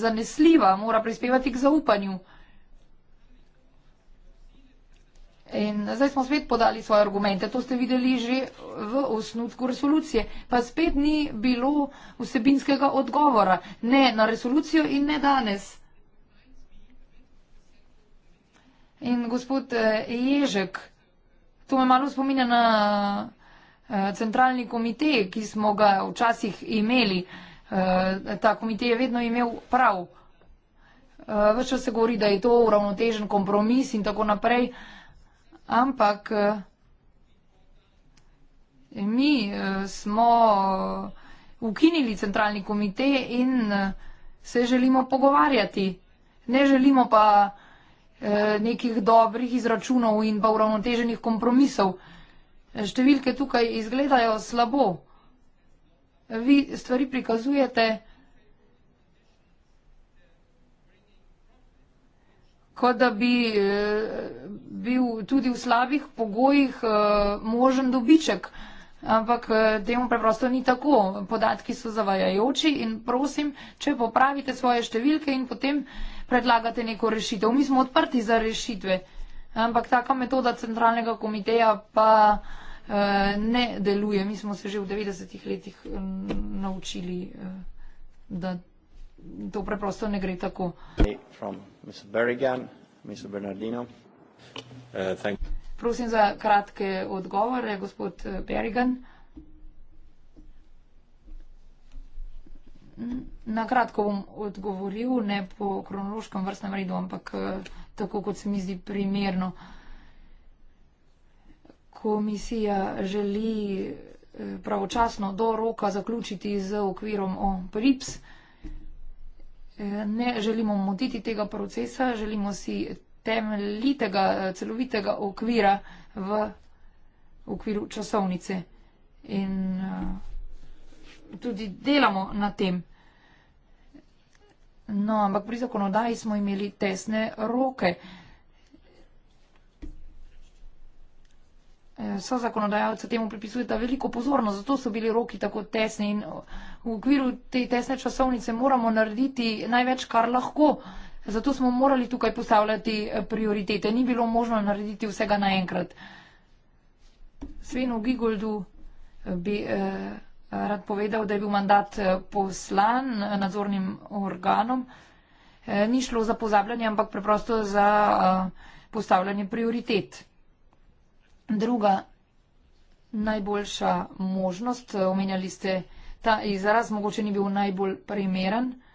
zanesljiva, mora prispevati k zaupanju. In zdaj smo spet podali svoje argumente, to ste videli že v osnutku resolucije, pa spet ni bilo vsebinskega odgovora, ne na resolucijo in ne danes. In gospod eh, Ježek, to me malo spominja na eh, centralni komitej, ki smo ga včasih imeli. Eh, ta komitej je vedno imel prav. Vse se govori, da je to uravnotežen kompromis in tako naprej. Ampak eh, mi eh, smo eh, ukinili centralni komite in se želimo pogovarjati. Ne želimo pa nekih dobrih izračunov in pa uravnoteženih kompromisov. Številke tukaj izgledajo slabo. Vi stvari prikazujete kot da bi bil tudi v slabih pogojih eh, možen dobiček. Ampak eh, temu preprosto ni tako. Podatki so zavajajoči in prosim, če popravite svoje številke in potem predlagate neko rešitev. Mi smo odprti za rešitve, ampak taka metoda centralnega komiteja pa eh, ne deluje. Mi smo se že v 90-ih letih naučili, da to preprosto ne gre tako. Mr. Berrigan, Mr. Uh, Prosim za kratke odgovore, gospod eh, Berigan. Mm, na kratko bom odgovoril, ne po kronološkem vrstnem redu, ampak eh, tako, kot se mi zdi primerno. Komisija želi eh, pravočasno do roka zaključiti z okvirom o PRIPS. Ne želimo motiti tega procesa, želimo si temeljitega, eh, celovitega okvira v okviru časovnice. In eh, tudi delamo na tem. No, ampak pri zakonodaji smo imeli tesne roke. Eh, so zakonodajalce temu pripisujeta veliko pozornost, zato so bili roki tako tesni in v okviru te tesne časovnice moramo narediti največ, kar lahko. Zato smo morali tukaj postavljati eh, prioritete. Ni bilo možno narediti vsega naenkrat. Svenu Gigoldu eh, bi eh, rad povedal, da je bil mandat eh, poslan nadzornim organom. Eh, ni šlo za pozabljanje, ampak preprosto za eh, postavljanje prioritet. Druga najboljša možnost, omenjali ste ta izraz, mogoče ni bil najbolj primeren. Eh,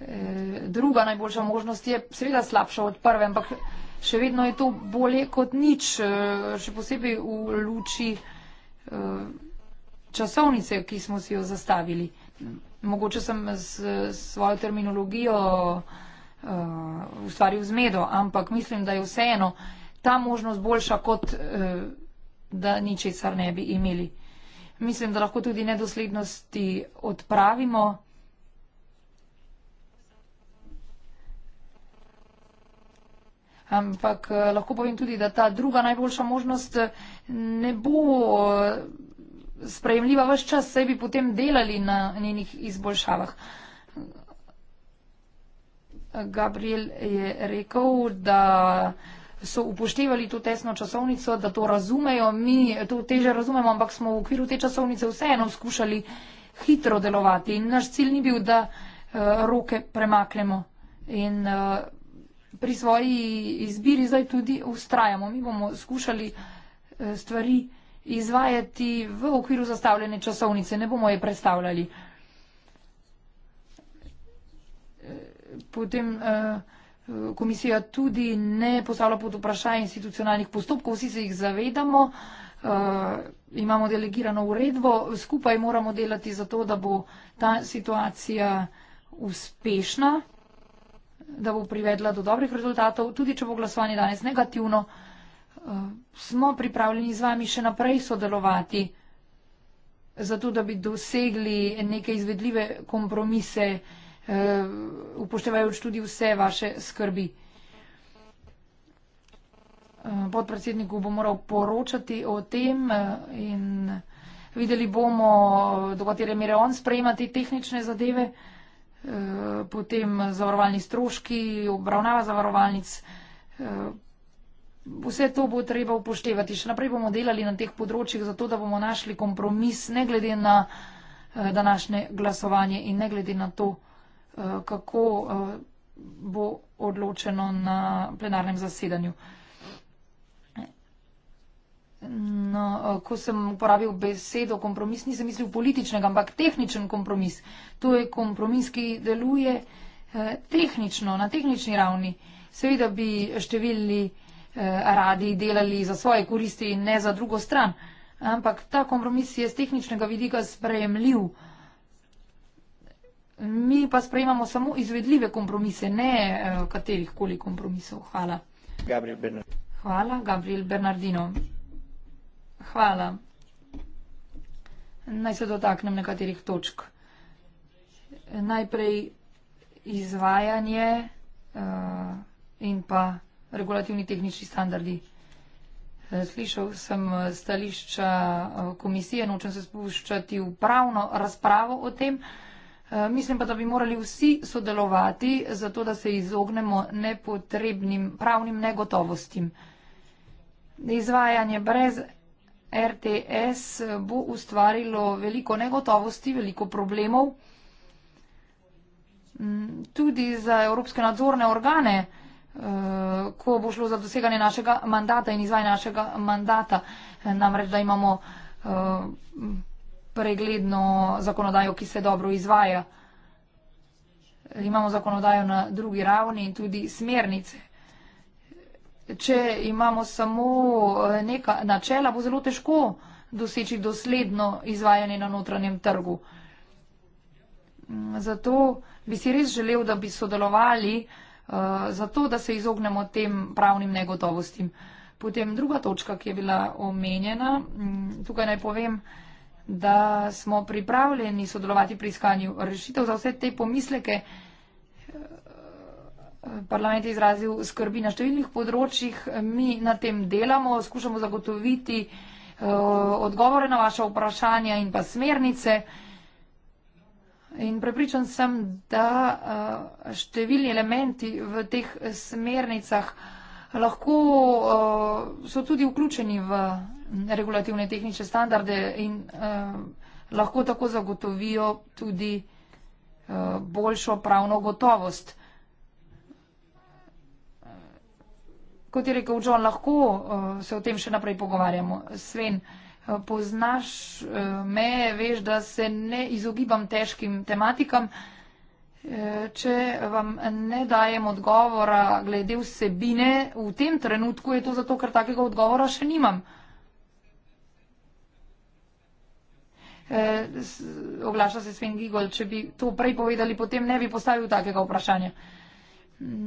Eh, druga najboljša možnost je seveda slabša od prve, ampak še vedno je to bolje kot nič, eh, še posebej v luči eh, časovnice, ki smo si jo zastavili. Mogoče sem s svojo terminologijo ustvaril zmedo, ampak mislim, da je vseeno ta možnost boljša, kot da ničesar ne bi imeli. Mislim, da lahko tudi nedoslednosti odpravimo. ampak eh, lahko povem tudi, da ta druga najboljša možnost eh, ne bo eh, sprejemljiva vaš čas, saj bi potem delali na njenih izboljšavah. Gabriel je rekel, da so upoštevali to tesno časovnico, da to razumejo, mi to teže razumemo, ampak smo v okviru te časovnice vseeno skušali hitro delovati in naš cilj ni bil, da uh, roke premaknemo in uh, pri svoji izbiri zdaj tudi ustrajamo. Mi bomo skušali eh, stvari izvajati v okviru zastavljene časovnice, ne bomo je predstavljali. Eh, potem eh, komisija tudi ne postavlja pod vprašanje institucionalnih postopkov, vsi se jih zavedamo, imamo delegirano uredbo, skupaj moramo delati za to, da bo ta situacija uspešna da bo privedla do dobrih rezultatov, tudi če bo glasovanje danes negativno, eh, smo pripravljeni z vami še naprej sodelovati, zato da bi dosegli neke izvedljive kompromise, eh, upoštevajoč tudi vse vaše skrbi. Eh, podpredsedniku bo moral poročati o tem in videli bomo, do katere mere on sprejema te tehnične zadeve. Eh, potem zavarovalni stroški, obravnava zavarovalnic. Eh, vse to bo treba upoštevati. Še naprej bomo delali na teh področjih, zato da bomo našli kompromis, ne glede na eh, današnje glasovanje in ne glede na to, kako bo odločeno na plenarnem zasedanju. no, eh, ko sem uporabil besedo kompromis, nisem mislil političnega, ampak tehničen kompromis. To je kompromis, ki deluje eh, tehnično, na tehnični ravni. Seveda bi številni eh, radi delali za svoje koristi in ne za drugo stran, ampak ta kompromis je z tehničnega vidika sprejemljiv. Mi pa sprejemamo samo izvedljive kompromise, ne katerih koli kompromisov. Hvala. Gabriel Hvala, Gabriel Bernardino. Hvala. Naj se dotaknem nekaterih točk. Najprej izvajanje uh, in pa regulativni tehnični standardi. Eh, slišal sem eh, stališča komisije, nočem se spuščati v pravno razpravo o tem. Mislim pa, da bi morali vsi sodelovati, zato da se izognemo nepotrebnim pravnim negotovostim. Izvajanje brez RTS bo ustvarilo veliko negotovosti, veliko problemov. Mm, tudi za evropske nadzorne organe, eh, ko bo šlo za doseganje našega mandata in izvajanje našega mandata, namreč da imamo eh, pregledno zakonodajo, ki se dobro izvaja. Imamo zakonodajo na drugi ravni in tudi smernice če imamo samo eh, neka načela, bo zelo težko doseči dosledno izvajanje na notranjem trgu. Mm, zato bi si res želel, da bi sodelovali, eh, zato da se izognemo tem pravnim negotovostim. Potem druga točka, ki je bila omenjena, mm, tukaj naj povem, da smo pripravljeni sodelovati pri iskanju rešitev za vse te pomisleke, eh, parlament je izrazil skrbi na številnih področjih. Mi na tem delamo, skušamo zagotoviti eh, odgovore na vaše vprašanja in pa smernice. In prepričan sem, da eh, številni elementi v teh smernicah lahko eh, so tudi vključeni v regulativne tehnične standarde in lahko tako zagotovijo tudi boljšo pravno gotovost. kot je rekel John, lahko uh, se o tem še naprej pogovarjamo. Sven, eh, poznaš eh, me, veš, da se ne izogibam težkim tematikam. Če vam ne dajem odgovora glede vsebine, v tem trenutku je to zato, ker takega odgovora še nimam. Oglaša se Sven Gigol, če bi to prej povedali, potem ne bi postavil takega vprašanja.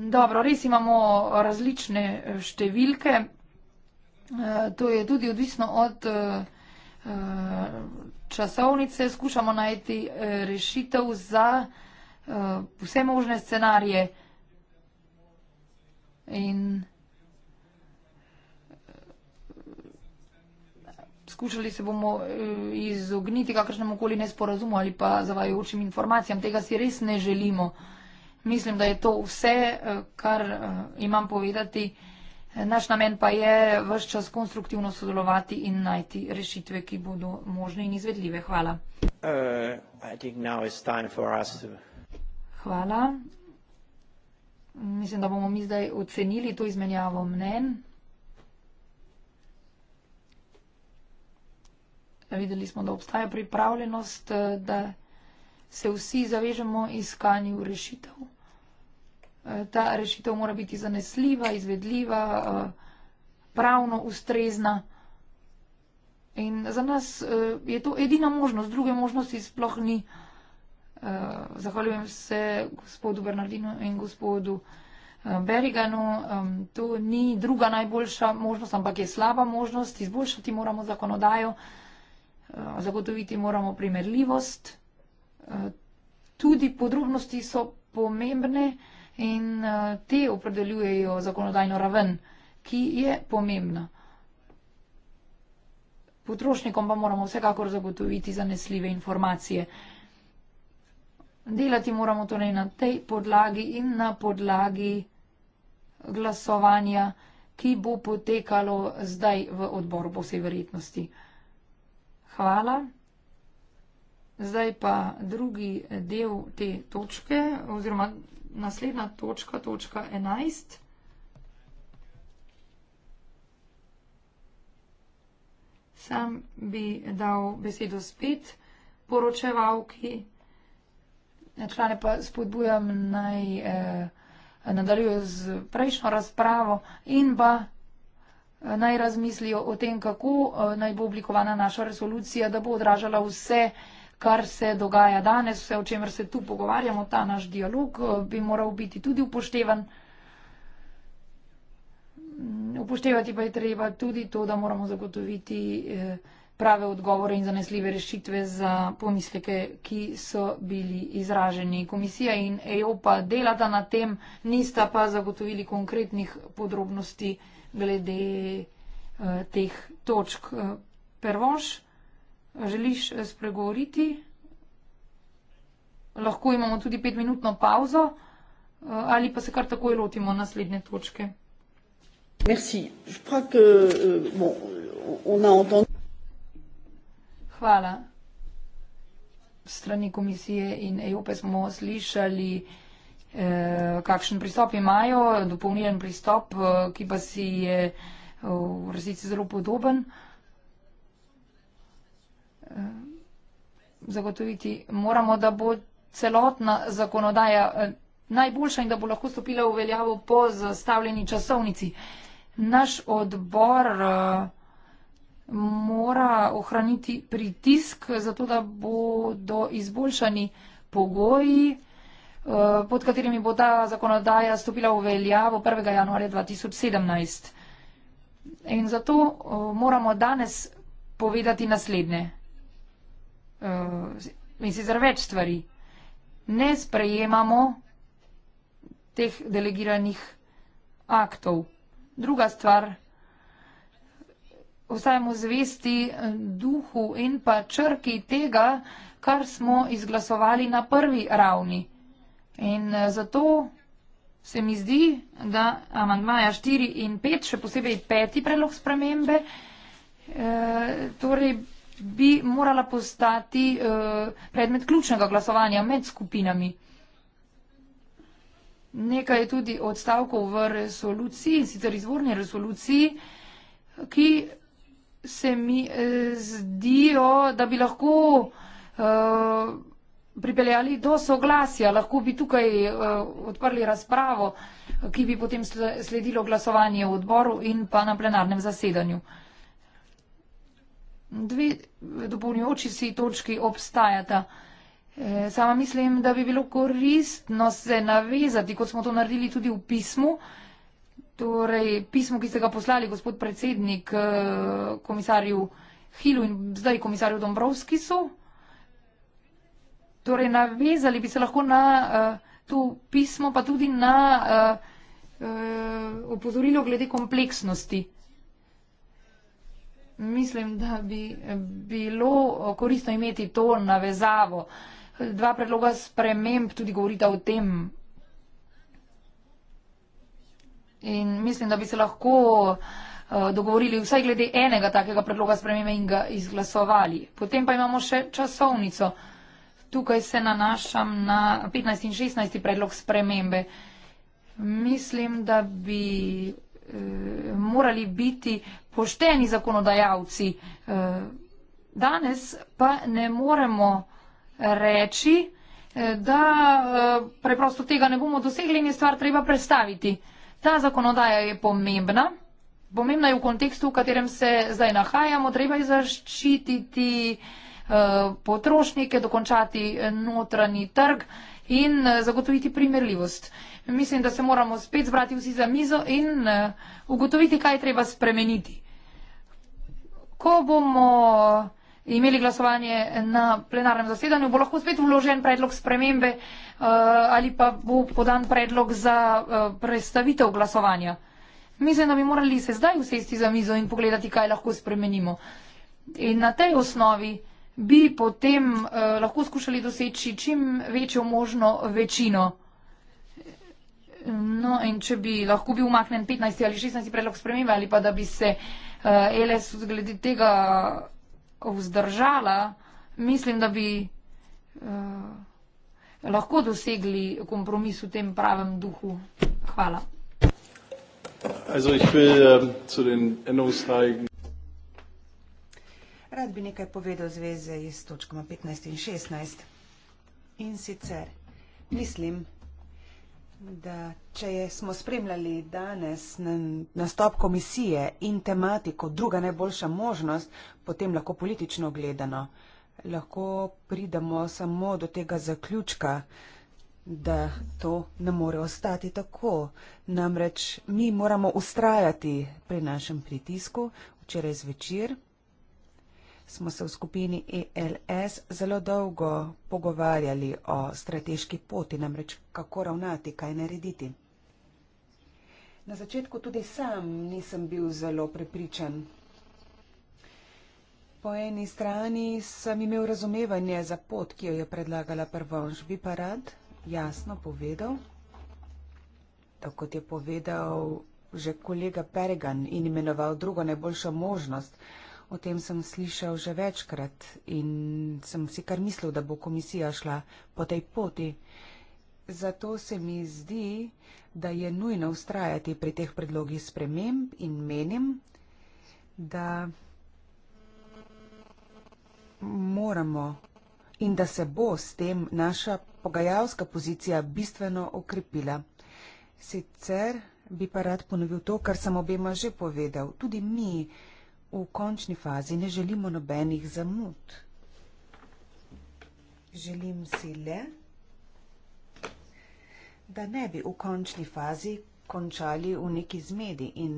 Dobro, res imamo različne eh, številke. Eh, to je tudi odvisno od eh, časovnice. Skušamo najti rešitev za vse možne scenarije. In skušali se bomo izogniti kakršnemu koli nesporazumu ali pa zavajajočim informacijam. Tega si res ne želimo. Mislim, da je to vse, eh, kar eh, imam povedati. Eh, naš namen pa je vse čas konstruktivno sodelovati in najti rešitve, ki bodo možne in izvedljive. Hvala. Uh, to... Hvala. Mislim, da bomo mi zdaj ocenili to izmenjavo mnen. Videli smo, da obstaja pripravljenost, da se vsi zavežemo iskanju rešitev. Eh, ta rešitev mora biti zanesljiva, izvedljiva, eh, pravno ustrezna. In za nas eh, je to edina možnost, druge možnosti sploh ni. Zahvaljujem se gospodu Bernardinu in gospodu Beriganu. To ni druga najboljša možnost, ampak je slaba možnost. Izboljšati moramo zakonodajo, zagotoviti moramo primerljivost. Tudi podrobnosti so pomembne. In uh, te opredeljujejo zakonodajno raven, ki je pomembna. Potrošnikom pa moramo vsekakor zagotoviti zanesljive informacije. Delati moramo torej na tej podlagi in na podlagi glasovanja, ki bo potekalo zdaj v odboru po vsej verjetnosti. Hvala. Zdaj pa drugi del te točke oziroma naslednja točka, točka enajst. Sam bi dal besedo spet poročevalki. Člane pa spodbujam naj eh, nadaljujo z prejšnjo razpravo in pa eh, naj razmislijo o tem, kako eh, naj bo oblikovana naša resolucija, da bo odražala vse eh, kar se dogaja danes, vse o čemer se tu pogovarjamo, ta naš dialog eh, bi moral biti tudi upoštevan. Mm, upoštevati pa je treba tudi to, da moramo zagotoviti eh, prave odgovore in zanesljive rešitve za pomisleke, ki so bili izraženi. Komisija in EU pa delata na tem, nista pa zagotovili konkretnih podrobnosti glede eh, teh točk. Prvoš želiš eh, spregovoriti? Lahko imamo tudi petminutno pauzo eh, ali pa se kar takoj lotimo naslednje točke. Euh, Hvala. Strani komisije in EOP smo slišali, eh, kakšen pristop imajo, dopolnjen pristop, ki pa si je v resnici zelo podoben. Eh, zagotoviti. Moramo, da bo celotna zakonodaja eh, najboljša in da bo lahko stopila v veljavo po zastavljeni časovnici. Naš odbor eh, mora ohraniti pritisk, zato da bodo izboljšani pogoji, pod katerimi bo ta zakonodaja stopila v veljavo 1. januarja 2017. In zato moramo danes povedati naslednje. Eh, in sicer več stvari. Ne sprejemamo teh delegiranih aktov. Druga stvar, ostajamo zvesti eh, duhu in pa črki tega, kar smo izglasovali na prvi ravni. In eh, zato se mi zdi, da amandmaja 4 in 5, še posebej peti predlog spremembe, eh, torej bi morala postati eh, predmet ključnega glasovanja med skupinami. Nekaj je tudi odstavkov v resoluciji, sicer izvorni resoluciji, ki se mi eh, zdijo, da bi lahko eh, pripeljali do soglasja, lahko bi tukaj odprli razpravo, ki bi potem sledilo glasovanje v odboru in pa na plenarnem zasedanju dve dopolnjujoči si točki obstajata. E, sama mislim, da bi bilo koristno se navezati, kot smo to naredili tudi v pismu, torej pismo, ki ste ga poslali gospod predsednik e, komisarju Hilu in zdaj komisarju Dombrovskisu. Torej, navezali bi se lahko na uh, to pismo, pa tudi na uh, uh, opozorilo glede kompleksnosti. Mislim, da bi bilo eh, koristno imeti to navezavo. Dva predloga sprememb tudi govorita o tem. In mislim, da bi se lahko eh, dogovorili vsaj glede enega takega predloga spremembe in ga izglasovali. Potem pa imamo še časovnico. Tukaj se nanašam na 15. in 16. predlog spremembe. Mislim, da bi e, morali biti pošteni zakonodajalci. Eh, danes pa ne moremo reči, eh, da eh, preprosto tega ne bomo dosegli in je stvar treba predstaviti. Ta zakonodaja je pomembna, pomembna je v kontekstu, v katerem se zdaj nahajamo, treba je zaščititi potrošnike, dokončati notranji trg in zagotoviti primerljivost. Mislim, da se moramo spet zbrati vsi za mizo in ugotoviti, kaj je treba spremeniti ko bomo imeli glasovanje na plenarnem zasedanju, bo lahko spet vložen predlog spremembe eh, ali pa bo podan predlog za eh, predstavitev glasovanja. Mislim, da bi morali se zdaj usesti za mizo in pogledati, kaj lahko spremenimo. In na tej osnovi bi potem eh, lahko skušali doseči čim večjo možno večino. No in če bi lahko bil umaknen 15 ali 16 predlog spremembe ali pa da bi se. Eh, Eles glede tega vzdržala, mislim, da bi eh, lahko dosegli kompromis v tem pravem duhu. Hvala. Also ich will um, zu den Änderungsanträgen. Rad bi nekaj povedal zveze z točkama 15 in 16. In sicer mislim, da če je, smo spremljali danes nastop komisije in tematiko druga najboljša možnost, potem lahko politično gledano, lahko pridemo samo do tega zaključka, da to ne more ostati tako. Namreč mi moramo ustrajati pri našem pritisku včeraj zvečer smo se v skupini ELS zelo dolgo pogovarjali o strateški poti, namreč kako ravnati, kaj narediti. Na začetku tudi sam nisem bil zelo prepričan. Po eni strani sem imel razumevanje za pot, ki jo je predlagala prvonž, bi pa rad jasno povedal, tako kot je povedal že kolega Peregan in imenoval drugo najboljšo možnost, O tem sem slišal že večkrat in sem si kar mislil, da bo komisija šla po tej poti. Zato se mi zdi, da je nujno ustrajati pri teh predlogih sprememb in menim, da moramo in da se bo s tem naša pogajalska pozicija bistveno okrepila. Sicer bi pa rad ponovil to, kar sem obema že povedal. Tudi mi V končni fazi ne želimo nobenih zamud. Želim si le, da ne bi v končni fazi končali v neki zmedi in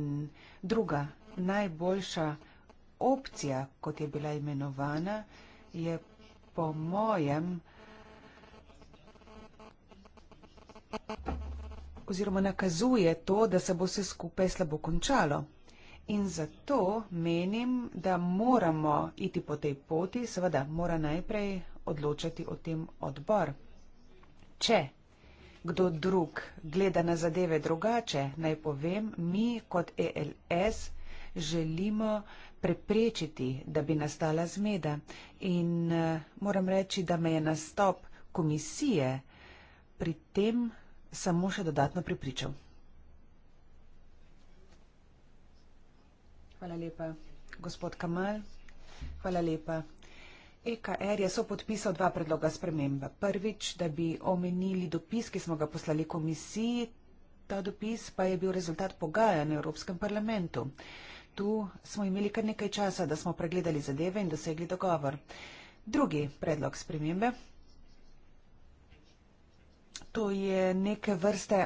druga najboljša opcija, kot je bila imenovana, je po mojem oziroma nakazuje to, da se bo vse skupaj slabo končalo. In zato menim, da moramo iti po tej poti, seveda mora najprej odločati o tem odbor. Če kdo drug gleda na zadeve drugače, naj povem, mi kot ELS želimo preprečiti, da bi nastala zmeda. In eh, moram reči, da me je nastop komisije pri tem samo še dodatno pripričal. Hvala lepa, gospod Kamal. Hvala lepa. EKR er je so podpisal dva predloga spremembe. Prvič, da bi omenili dopis, ki smo ga poslali komisiji, ta dopis pa je bil rezultat pogajanja v Evropskem parlamentu. Tu smo imeli kar nekaj časa, da smo pregledali zadeve in dosegli dogovor. Drugi predlog spremembe, to je neke vrste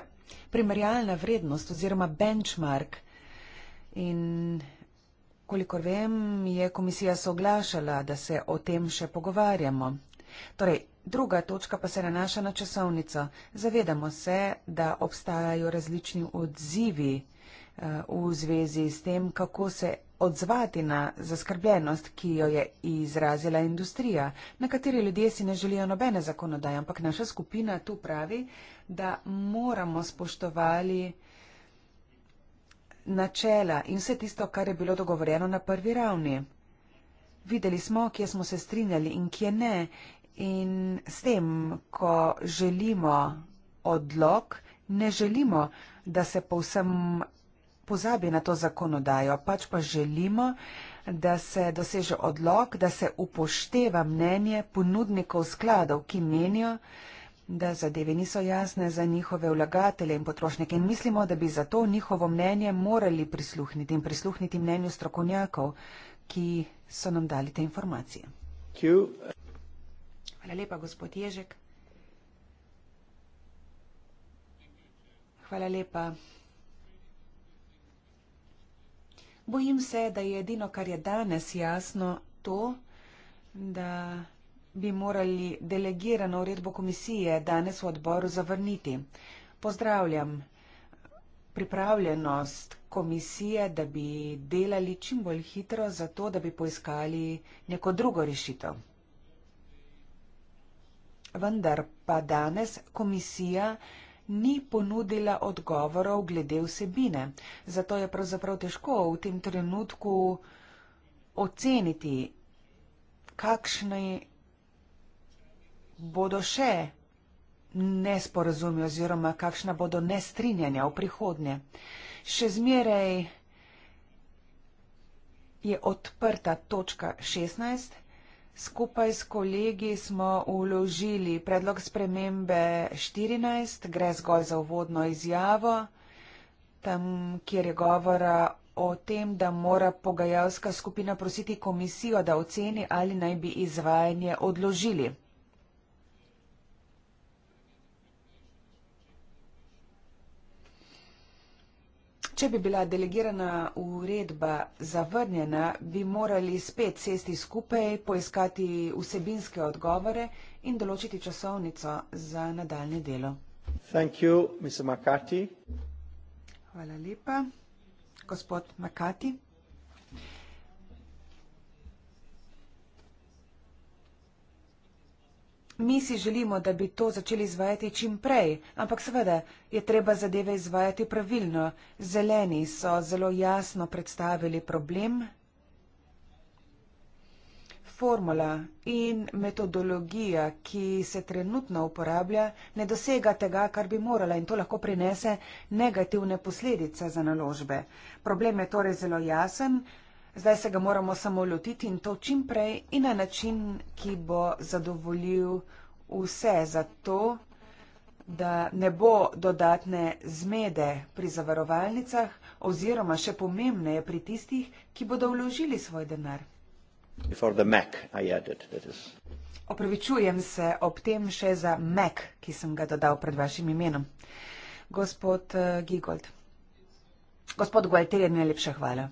primerjalna vrednost oziroma benchmark. In Kolikor vem, je komisija soglašala, da se o tem še pogovarjamo. Torej, druga točka pa se nanaša na časovnico. Zavedamo se, da obstajajo različni odzivi eh, v zvezi s tem, kako se odzvati na zaskrbljenost, ki jo je izrazila industrija. Nekateri ljudje si ne želijo nobene zakonodaje, ampak naša skupina tu pravi, da moramo spoštovati načela in vse tisto, kar je bilo dogovorjeno na prvi ravni. Videli smo, kje smo se strinjali in kje ne. In s tem, ko želimo odlog, ne želimo, da se povsem pozabi na to zakonodajo, pač pa želimo, da se doseže odlog, da se upošteva mnenje ponudnikov skladov, ki menijo, da zadeve niso jasne za njihove vlagatelje in potrošnike in mislimo, da bi zato njihovo mnenje morali prisluhniti in prisluhniti mnenju strokovnjakov, ki so nam dali te informacije. Hvala lepa, gospod Ježek. Hvala lepa. Bojim se, da je edino, kar je danes jasno, to, da bi morali delegirano uredbo komisije danes v odboru zavrniti. Pozdravljam pripravljenost komisije, da bi delali čim bolj hitro za to, da bi poiskali neko drugo rešitev. Vendar pa danes komisija ni ponudila odgovorov glede vsebine. Zato je pravzaprav težko v tem trenutku oceniti, kakšne bodo še nesporazumi oziroma kakšna bodo nestrinjanja v prihodnje. Še zmeraj je odprta točka 16. Skupaj s kolegi smo uložili predlog spremembe 14, gre zgolj za uvodno izjavo, tam, kjer je govora o tem, da mora pogajalska skupina prositi komisijo, da oceni, ali naj bi izvajanje odložili. Če bi bila delegirana uredba zavrnjena, bi morali spet sesti skupaj, poiskati vsebinske odgovore in določiti časovnico za nadaljne delo. You, Hvala lepa, gospod Makati. Mi si želimo, da bi to začeli izvajati čim prej, ampak seveda je treba zadeve izvajati pravilno. Zeleni so zelo jasno predstavili problem, formula in metodologija, ki se trenutno uporablja, ne dosega tega, kar bi morala in to lahko prinese negativne posledice za naložbe. Problem je torej zelo jasen, Zdaj se ga moramo samo lotiti in to čim prej in na način, ki bo zadovoljil vse za to, da ne bo dodatne zmede pri zavarovalnicah oziroma še pomembneje pri tistih, ki bodo vložili svoj denar. Opravičujem se ob tem še za Mac, ki sem ga dodal pred vašim imenom. Gospod eh, Gigold. Gospod Gualter, najlepša hvala.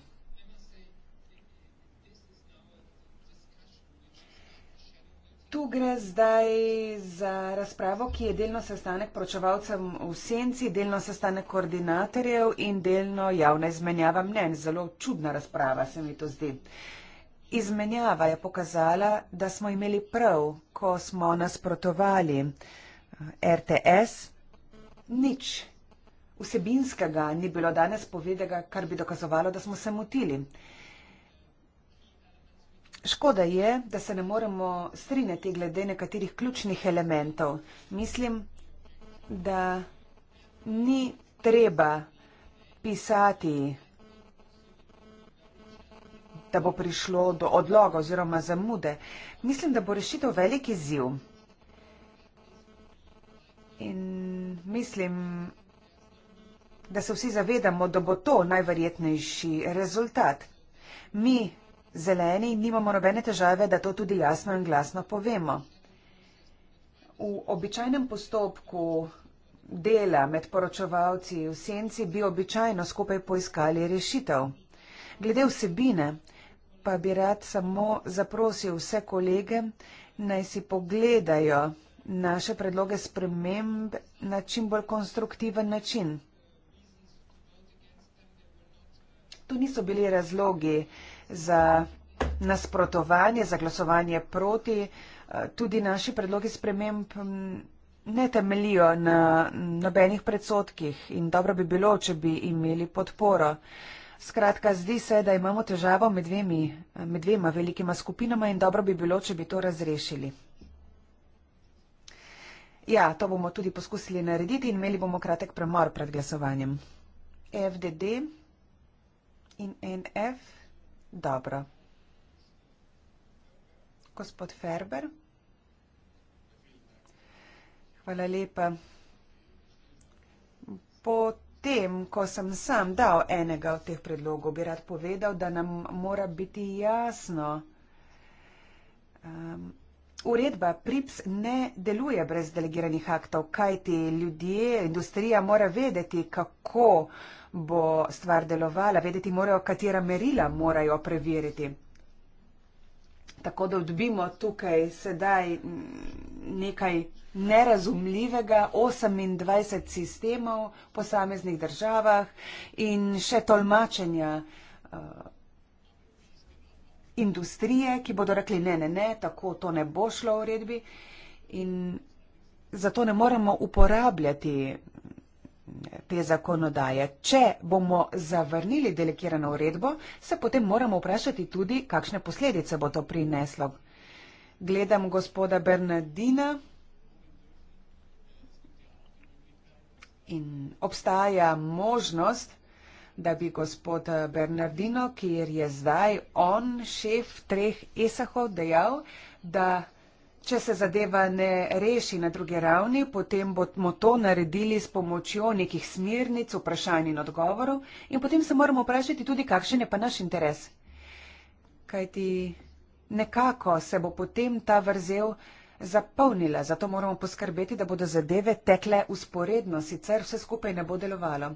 Tu gre zdaj za razpravo, ki je delno sestanek pročevalcev v senci, delno sestanek koordinatorjev in delno javna izmenjava mnen. Zelo čudna razprava se mi to zdi. Izmenjava je pokazala, da smo imeli prav, ko smo nasprotovali eh, RTS. Nič vsebinskega ni bilo danes povedega, kar bi dokazovalo, da smo se motili. Škoda je, da se ne moremo strinjati glede nekaterih ključnih elementov. Mislim, da ni treba pisati, da bo prišlo do odloga oziroma zamude. Mislim, da bo rešitev veliki ziv. In mislim, da se vsi zavedamo, da bo to najverjetnejši rezultat. Mi Zeleni nimamo nobene težave, da to tudi jasno in glasno povemo. V običajnem postopku dela med poročevalci v senci bi običajno skupaj poiskali rešitev. Glede vsebine pa bi rad samo zaprosil vse kolege, naj si pogledajo naše predloge sprememb na čim bolj konstruktiven način. To niso bili razlogi, za nasprotovanje, za glasovanje proti. Eh, tudi naši predlogi sprememb mm, ne temelijo na nobenih predsotkih in dobro bi bilo, če bi imeli podporo. Skratka, zdi se, da imamo težavo med, dvemi, med dvema velikima skupinama in dobro bi bilo, če bi to razrešili. Ja, to bomo tudi poskusili narediti in imeli bomo kratek premor pred glasovanjem. FDD in NF. Dobro. Gospod Ferber. Hvala lepa. Po tem, ko sem sam dal enega od teh predlogov, bi rad povedal, da nam mora biti jasno, um, uredba PRIPS ne deluje brez delegiranih aktov, kajti ljudje, industrija mora vedeti, kako uh, bo stvar delovala, vedeti morajo, katera merila morajo preveriti. Tako da odbimo tukaj sedaj mm, nekaj nerazumljivega, 28 sistemov v posameznih državah in še tolmačenja uh, industrije, ki bodo rekli ne, ne, ne, tako to ne bo šlo v redbi in zato ne moremo uporabljati te zakonodaje. Če bomo zavrnili delegirano uredbo, se potem moramo vprašati tudi, kakšne posledice bo to prineslo. Gledam gospoda Bernardina in obstaja možnost, da bi gospod Bernardino, kjer je zdaj on, šef treh ESAH-ov, dejal, da Če se zadeva ne reši na druge ravni, potem bomo to naredili s pomočjo nekih smernic, vprašanj in odgovorov in potem se moramo vprašati tudi, kakšen je pa naš interes. Kaj ti nekako se bo potem ta vrzel zapolnila, zato moramo poskrbeti, da bodo zadeve tekle usporedno, sicer vse skupaj ne bo delovalo.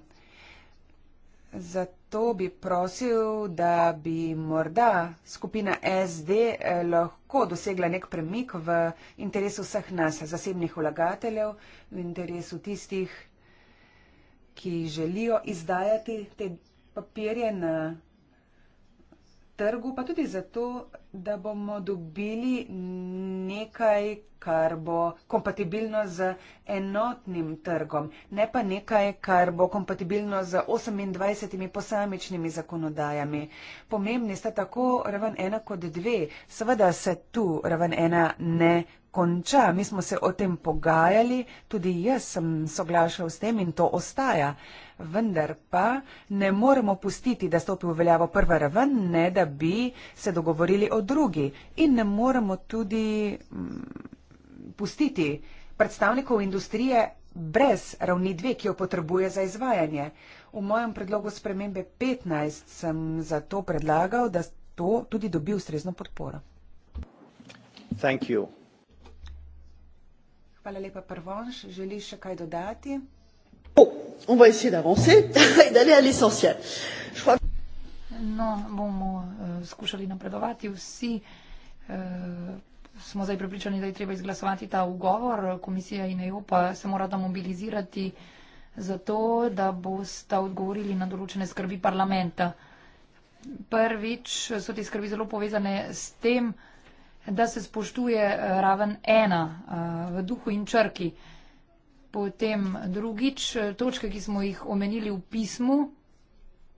Zato bi prosil, da bi morda skupina SD eh, lahko dosegla nek premik v interesu vseh nas, zasebnih vlagateljev, v interesu tistih, ki želijo izdajati te papirje na trgu, pa tudi zato, da bomo dobili nekaj, kar bo kompatibilno z enotnim trgom, ne pa nekaj, kar bo kompatibilno z 28 posamičnimi zakonodajami. Pomembni sta tako raven ena kot dve. Seveda se tu raven ena ne konča. Mi smo se o tem pogajali, tudi jaz sem soglašal s tem in to ostaja. Vendar pa ne moremo pustiti, da stopi v veljavo prva raven, ne da bi se dogovorili o drugi. In ne moremo tudi mm, pustiti predstavnikov industrije brez ravni dve, ki jo potrebuje za izvajanje. V mojem predlogu spremembe 15 sem zato predlagal, da to tudi dobi ustrezno podporo. Thank you. Hvala lepa, Prvonš. Želiš še kaj dodati? Oh, on va essayer d'avancer (laughs) et d'aller à l'essentiel. Crois... No, bomo uh, skušali napredovati vsi. Uh, smo zdaj pripričani, da je treba izglasovati ta ugovor. Komisija in EU pa se morata mobilizirati za to, da boste odgovorili na določene skrbi parlamenta. Prvič so te skrbi zelo povezane s tem, da se spoštuje eh, raven ena eh, v duhu in črki. Potem drugič, eh, točke, ki smo jih omenili v pismu,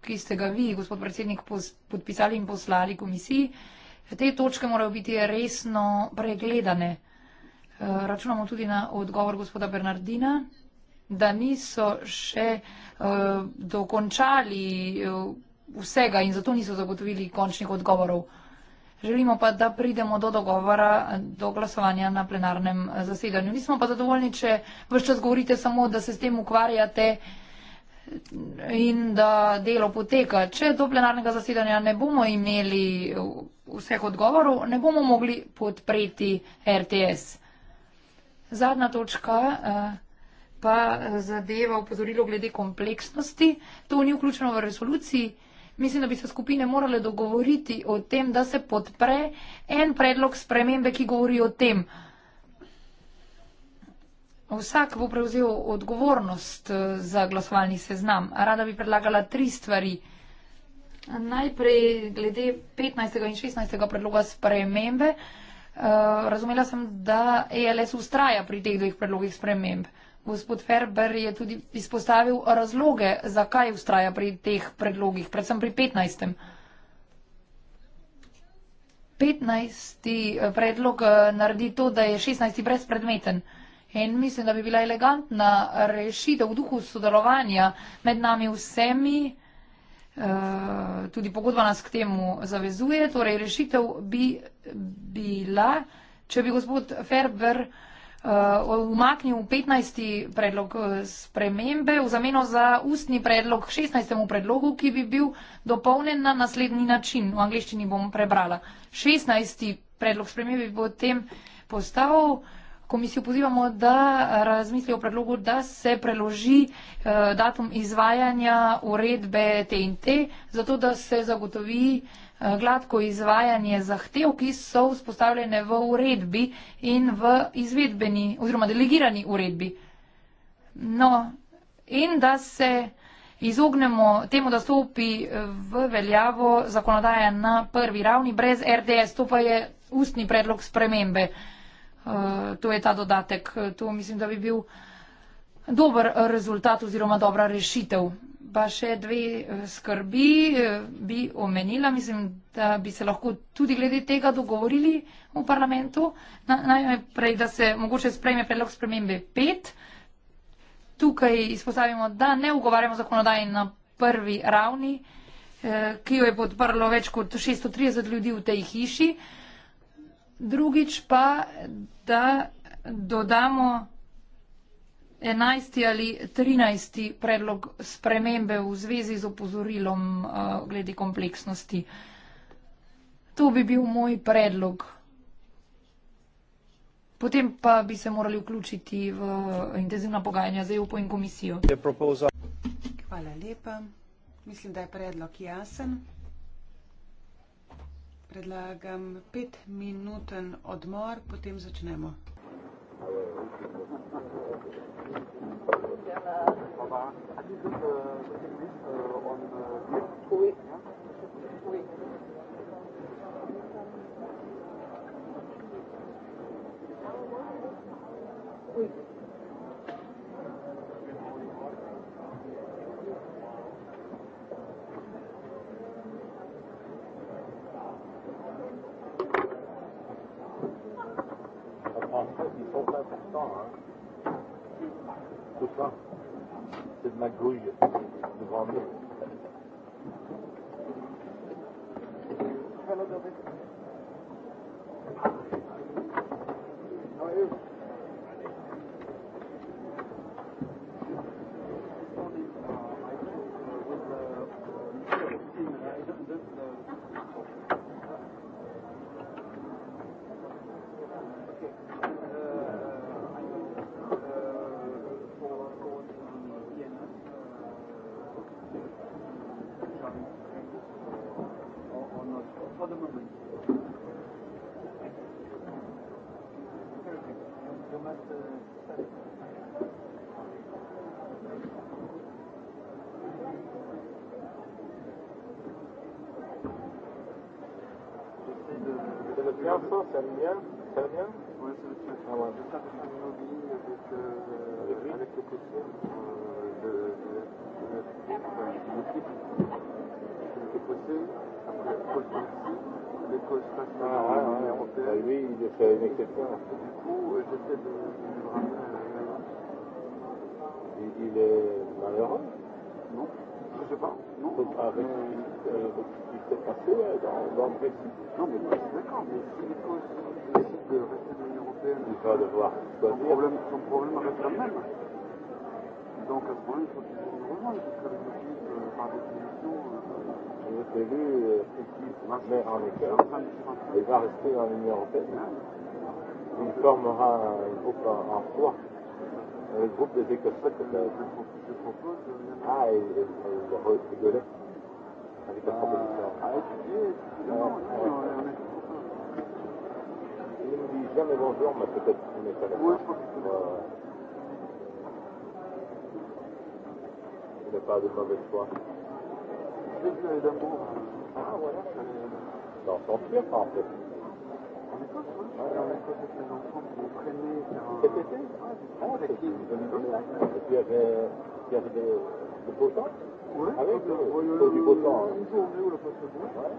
ki ste ga vi, gospod predsednik, podpisali in poslali komisiji, te točke morajo biti resno pregledane. Eh, računamo tudi na odgovor gospoda Bernardina, da niso še eh, dokončali eh, vsega in zato niso zagotovili končnih odgovorov. Želimo pa, da pridemo do dogovora, do glasovanja na plenarnem zasedanju. Nismo pa zadovoljni, če vse čas govorite samo, da se s tem ukvarjate in da delo poteka. Če do plenarnega zasedanja ne bomo imeli vseh odgovorov, ne bomo mogli podpreti RTS. Zadnja točka eh, pa zadeva upozorilo glede kompleksnosti. To ni vključeno v resoluciji. Mislim, da bi se skupine morale dogovoriti o tem, da se podpre en predlog spremembe, ki govori o tem. Vsak bo prevzel odgovornost eh, za glasovalni seznam. Rada bi predlagala tri stvari. Najprej glede 15. in 16. predloga spremembe. Eh, razumela sem, da ELS ustraja pri teh dveh predlogih sprememb. Gospod Ferber je tudi izpostavil razloge, zakaj ustraja pri teh predlogih, predvsem pri 15. 15. Eh, predlog eh, naredi to, da je 16. brezpredmeten. In mislim, da bi bila elegantna rešitev v duhu sodelovanja med nami vsemi. Eh, tudi pogodba nas k temu zavezuje. Torej, rešitev bi bila, če bi gospod Ferber eh, umaknil 15. predlog eh, spremembe v zameno za ustni predlog 16. predlogu, ki bi bil dopolnen na naslednji način. V angliščini bom prebrala. 16. predlog spremembe bi potem postal uh, Komisijo pozivamo, da razmisli o predlogu, da se preloži eh, datum izvajanja uredbe TNT, zato da se zagotovi eh, gladko izvajanje zahtev, ki so vzpostavljene v uredbi in v izvedbeni oziroma delegirani uredbi. No, in da se izognemo temu, da stopi eh, v veljavo zakonodaja na prvi ravni brez RDS, to pa je ustni predlog spremembe. Eh, to je ta dodatek. To mislim, da bi bil dober rezultat oziroma dobra rešitev. Pa še dve eh, skrbi eh, bi omenila, mislim, da bi se lahko tudi glede tega dogovorili v parlamentu. Najprej, da se mogoče sprejme predlog spremembe 5. Tukaj izpostavimo, da ne ugovarjamo zakonodaje na prvi ravni, ki jo je podprlo več kot 630 ljudi v tej hiši drugič pa, da dodamo 11. ali 13. predlog spremembe v zvezi z opozorilom uh, glede kompleksnosti. To bi bil moj predlog. Potem pa bi se morali vključiti v intenzivna pogajanja z EUP in komisijo. Hvala lepa. Mislim, da je predlog jasen. Predlagam pet minuten odmor, potem začnemo. Hello. quelqu'un du coup euh, j'essaie de le ramener à il, il est malheureux non je sais pas non Donc, avec ah, ce euh, qui s'est passé euh, dans, dans le Brexit non mais moi je suis d'accord mais si les causes décident de rester dans l'Union Européenne il va devoir son problème, son problème reste le même donc à ce moment il faut qu'ils aient une rejoindre puisque le Brexit euh, par définition euh, c'est lui, euh, c'est qui, c'est ma mère en écœur. Il va rester dans l'Union Européenne. Ouais il formera un groupe en trois. Euh, le groupe des écossais que je propose. Euh, ah, et le Avec un propos de Ah, étudier, étudier. Non, on est Il ne dit jamais bonjour, mais peut-être qu'il n'est pas là. Oui, je crois Il n'a pas de mauvaise foi. Je sais que d'amour. Ah, voilà. Dans son pire, en fait. En Écosse Euh, ah, Et puis il y avait, il y avait des, des beaux temps. Ah oui, avec le, le, le, le, du beau temps. Une journée où le poste est bon. Ouais.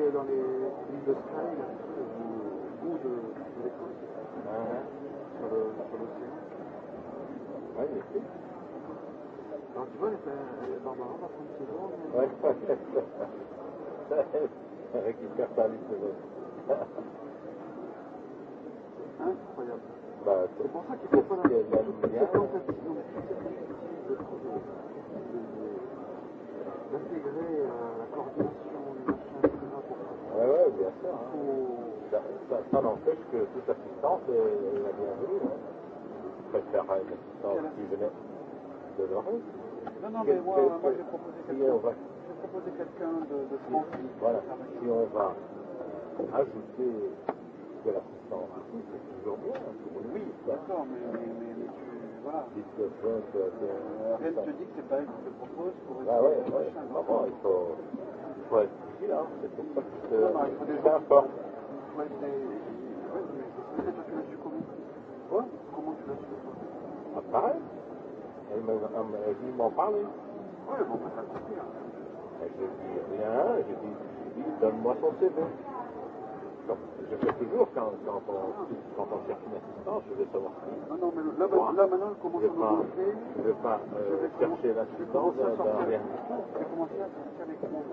Et dans les îles de Sky, là, au bout de, de l'école. Ouais. Sur l'océan. Oui, il est Alors tu vois, les barbares, par contre, c'est bon. Oui, oui, c'est ça. Avec une carte à l'île de l'eau. Bah, c'est pour ça qu'il faut pas la lumière. La lumière, c'est pour ça qu'il faut l'intégrer, la coordination, les machins, etc. Ouais, ouais, bien sûr. Hein. Ça, ça, ça n'empêche que toute assistance est la bienvenue. Hein. Je préfère une assistance qui venait de l'Orient. Non, non, mais moi, moi j'ai proposé quelqu'un va... quelqu de, de France. Voilà, si on va ajouter que la puissance aujourd'hui, oui, d'accord, mais rien euh, ne te dit que c'est pas elle qui te propose pour être ah, ouais, ouais, prochain. Ah ouais, il faut, il faut être vigilant, c'est pour ça que c'est important. Il faut être des... Ouais, mais c'est peut-être toi qui l'as su comment Quoi Comment tu l'as su Ah, pareil. Elle m'a dit m'en parler. Oui, bon, ça va se faire. Je dis rien, je dis, dis donne-moi son CV je fais toujours quand, quand, on, quand on termine l'assistance, je vais savoir qui. Non, non, mais là, Moi, là maintenant, comment je vais Je ne vais pas euh, je vais chercher l'assistance. Je vais commencer à sortir les commandes.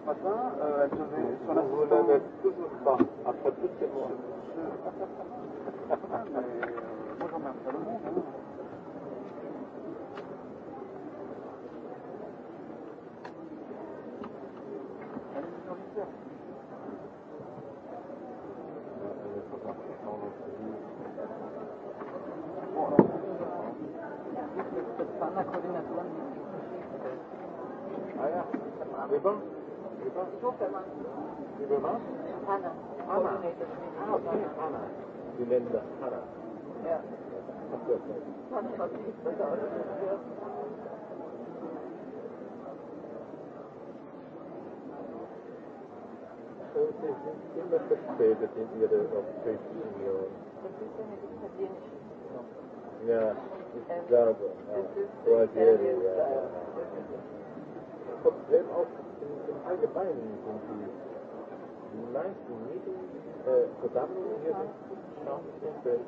Ce matin, euh, elle devait son assistance. Vous n'en êtes toujours pas, après toutes ces mois. Moi, j'emmerde pas le monde. Hein. Anna. Anna. Anna. Ah, okay. Anna. Sie nennen das Anna. Ja. Sie sind immer verspätet in ihre Obsession. Ja, ich glaube. Ja. Quartiere, ja. Und auch im Allgemeinen sind sie mais bonito uh, que dá para o dia de chão de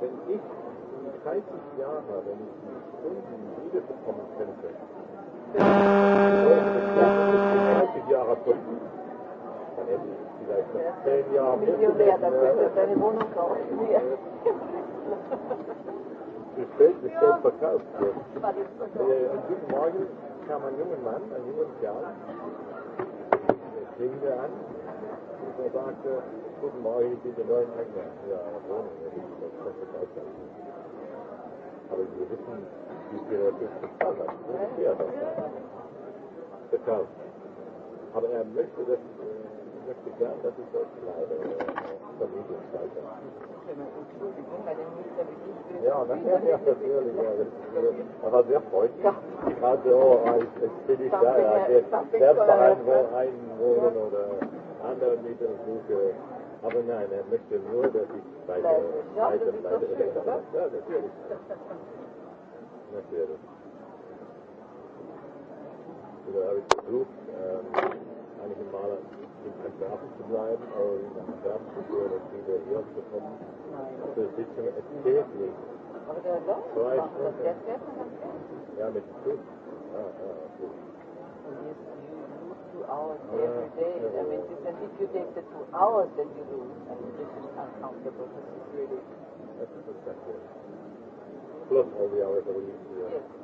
Wenn ich 30 Jahre, wenn ich die Stunden wiederbekommen könnte, dann würde ich das nicht ja- mehr. 30 Jahre zurück. Dann hätte ich vielleicht noch 10 ja. Jahre mehr. Ja, dann könnte ich deine Wohnung kaufen. (laughs) Ja. ja. Das Feld ist ja. verkauft. Ja. Ja, ja. Guten Morgen kam ein junger Mann, ein junger Kerl. Der klingt mir an. Und er sagte, guten Morgen, ich bin der neue Eigner. Ja, Wohnung. Ja, das ist das Verkauf. Aber wir wissen, wie viel er das bezahlt hat. Ja. Das ist ja das. Verkauft. Aber er möchte, dass, äh, möchte gern, dass ich dort bleibe, äh, der Medienzeitung. Ja, eh, nachher ja, natürlich. Ja. Er war sehr freundlich. Ich war so, ich, ich bin nicht da, ja, selbst rein, wo rein wohnen oder andere Mieter suche. Aber nein, er möchte nur, dass ich bei der Seite bleibe. Ja, natürlich. Natürlich. Da habe ich versucht, ähm, eigentlich im Maler, im Antwerpen zu bleiben, aber in Antwerpen zu gehen und wieder hierher zu kommen. Nein. Für die Sitzung es geht nicht. Aber der Lauf, der fährt man ganz Ja, mit dem Zug. Ja, ja, gut. Und jetzt, you lose two hours ja, every day. Ja, ja. If you take the two hours, then you lose, and this is uncomfortable, this is really... That's a good question. Plus all the hours that we need to do. Yes.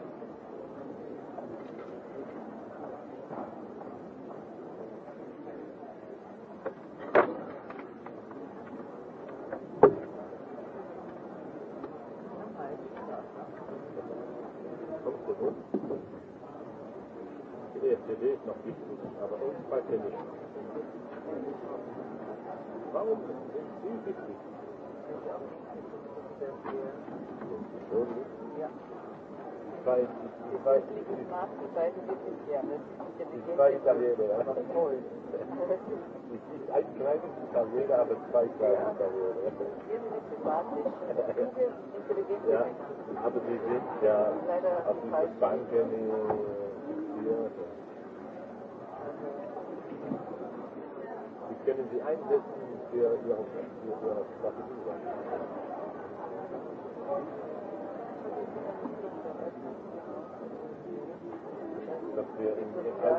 zwei Italiener. Ein kleines Italiener, aber zwei kleine Italiener. Ja, aber sie sind ja auf dieser Bank hier. Sie können sie einsetzen für ihre Strategie.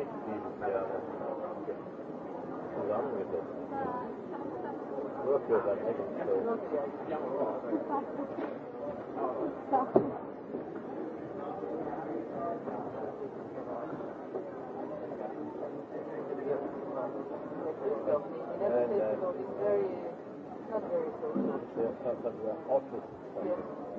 nicht dieses Jahr. Zusammen mit dem. Nur für sein Eckenstück. Yeah, that's a very, not very close. Yeah, that's a very close.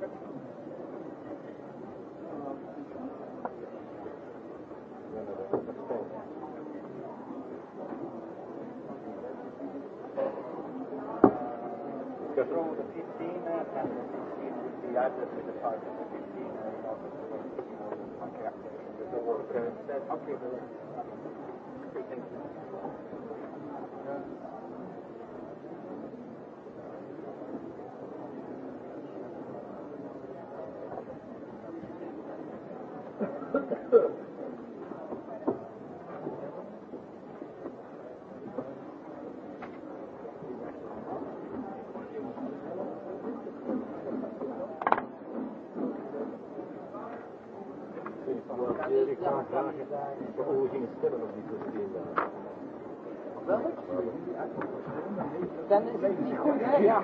Thank you. Ja.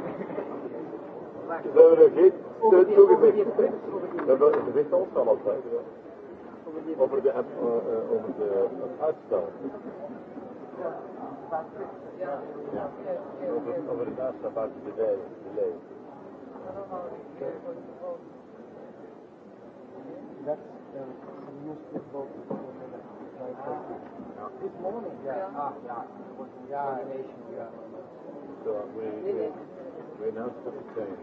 Ze hebben er geen toegezegd. Ze zegt ons al altijd. Over de uitstel. Over de uitstel buiten de lijn. Yeah. Ah, yeah. Yeah, nation. Yeah so we, we, we announced the change.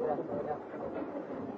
Thank you.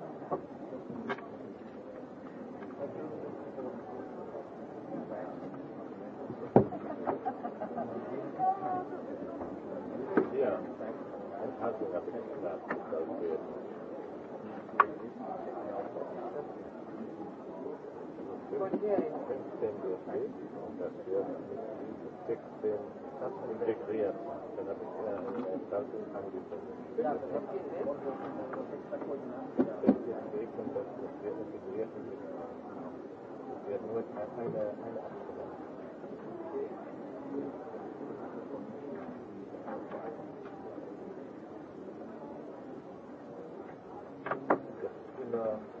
16 ja, DSB, und das wird 16 integriert. Dann habe ich äh, das in angegeben. Das wird integriert. Es wird nur eine, eine Abstimmung. Yeah. Uh -huh.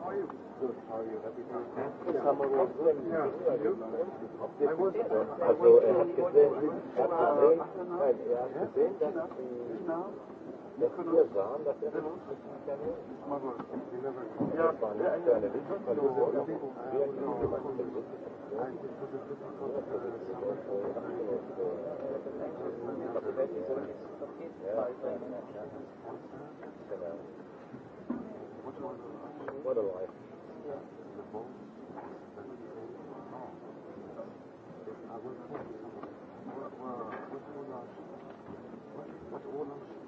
Also ja. er hat gesehen, er hat gesehen, nein, er hat gesehen, dass die, dass wir sahen, dass er nicht eine Richtung verloren hat, wie er nicht jemand What a life. I will tell you something. What's all I'm saying?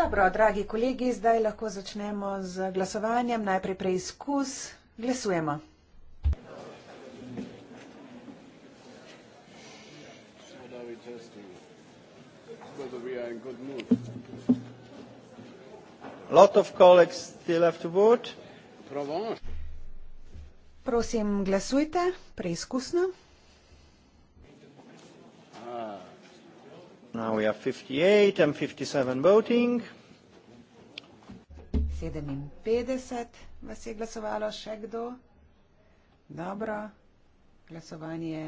Dobro, dragi kolegi, zdaj lahko začnemo z glasovanjem. Najprej preizkus. Glasujemo. Prosim, glasujte preizkusno. Now we have 58 and 57 voting. 57 vas je glasovalo. Še kdo? Dobro. Glasovanje,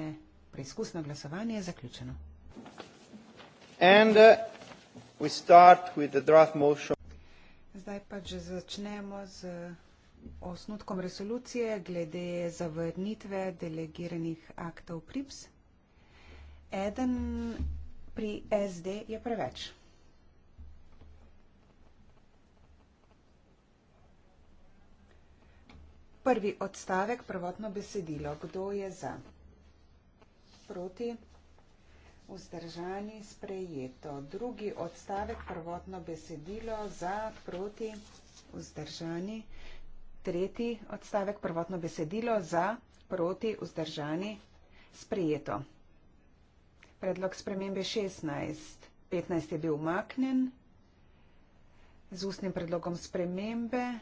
preizkusno glasovanje je zaključeno. And uh, we start with the draft motion. Zdaj pa že začnemo z osnutkom resolucije glede zavrnitve delegiranih aktov PRIBS. Eden pri SD je preveč. Prvi odstavek, prvotno besedilo. Kdo je za? Proti? Vzdržani sprejeto. Drugi odstavek, prvotno besedilo. Za? Proti? Vzdržani. Tretji odstavek, prvotno besedilo. Za? Proti? Vzdržani sprejeto predlog spremembe 16. 15 je bil umaknen. Z ustnim predlogom spremembe.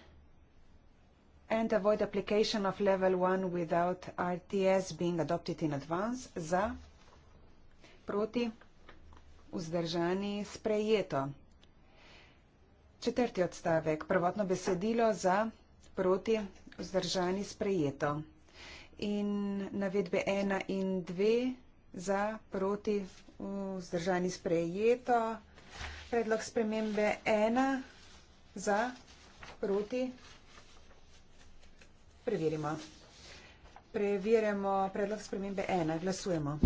And avoid application of level 1 without RTS being adopted in advance. Za. Proti. Vzdržani sprejeto. Četrti odstavek. Prvotno besedilo za. Proti. Vzdržani sprejeto. In navedbe 1 in 2 za proti vzdržani sprejeto. Predlog spremembe ena za proti. Preverimo. Preverimo predlog spremembe ena. Glasujemo.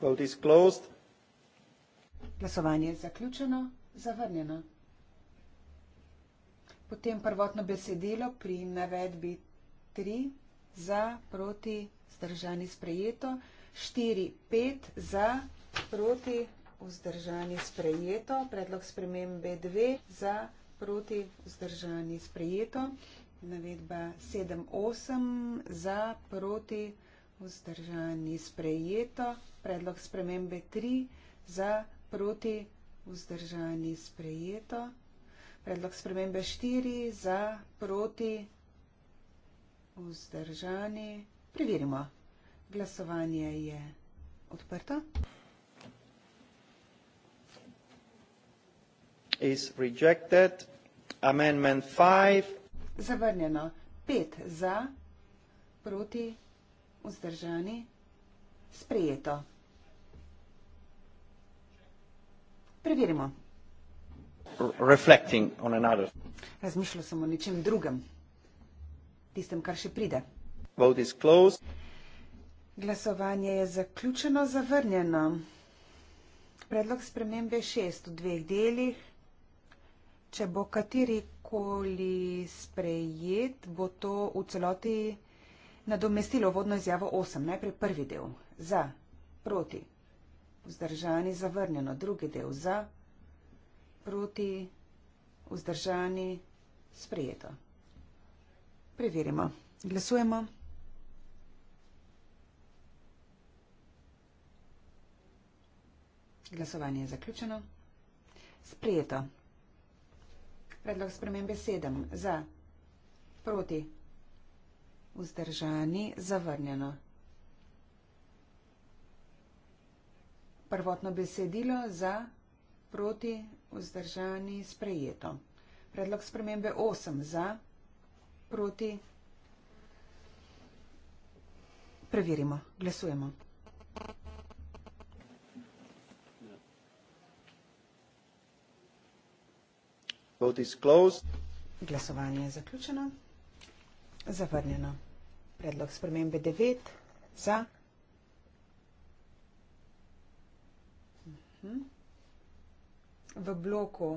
Vote is closed. Glasovanje je zaključeno, zavrnjeno. Potem prvotno besedilo pri navedbi 3 za proti vzdržani sprejeto, 4, 5 za, proti, vzdržani sprejeto, predlog spremembe 2 za, proti, vzdržani sprejeto, navedba 7, 8 za, proti, vzdržani sprejeto, predlog spremembe 3 za, proti, vzdržani sprejeto, predlog spremembe 4 za, proti, vzdržani sprejeto, Preverimo. Glasovanje je odprto. Is rejected. Amendment 5. Zavrnjeno. 5 za, proti, vzdržani. Sprejeto. Preverimo. Razmišljal sem o nečem drugem, tistem, kar še pride. Vote is closed. Glasovanje je zaključeno, zavrnjeno. Predlog spremembe šest v dveh delih. Če bo kateri koli sprejet, bo to v celoti nadomestilo vodno izjavo 8. Najprej prvi del. Za, proti, vzdržani, zavrnjeno. Drugi del. Za, proti, vzdržani, sprejeto. Preverimo. Glasujemo. Glasovanje je zaključeno. Sprejeto. Predlog spremembe 7. Za. Proti. Vzdržani. Zavrnjeno. Prvotno besedilo za. Proti. Vzdržani. Sprejeto. Predlog spremembe 8. Za. Proti. Preverimo. Glasujemo. Vote is closed. Glasovanje je zaključeno. Zavrnjeno. Predlog spremembe 9. Za. Mhm. V bloku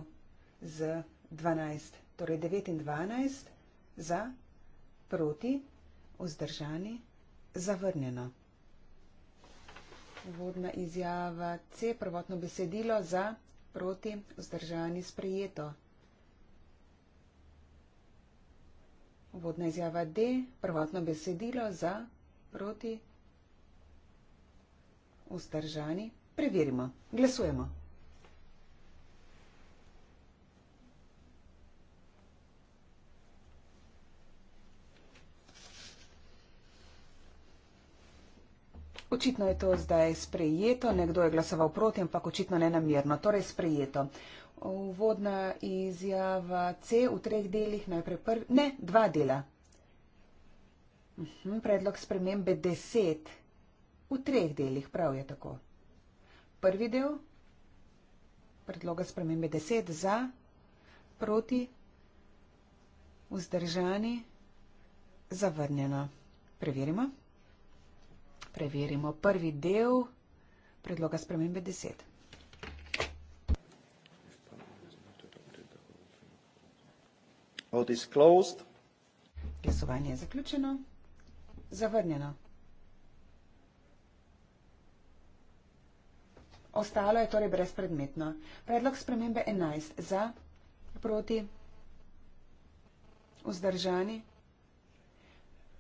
z 12, torej 9 in 12, za, proti, vzdržani, zavrnjeno. Vodna izjava C, prvotno besedilo, za, proti, vzdržani, sprejeto. Vodna izjava D, prvotno besedilo za proti ustržani. Preverimo. Glasujemo. Očitno je to zdaj sprejeto, nekdo je glasoval proti, ampak očitno ne namerno. Torej sprejeto. Uvodna izjava C v treh delih, najprej prvi, ne, dva dela. Uhum, predlog spremembe deset v treh delih, prav je tako. Prvi del, predloga spremembe deset za, proti, vzdržani, zavrnjeno. Preverimo. Preverimo prvi del predloga spremembe deset. Vote is closed. Glasovanje je zaključeno. Zavrnjeno. Ostalo je torej brezpredmetno. Predlog spremembe 11. Za, proti, vzdržani.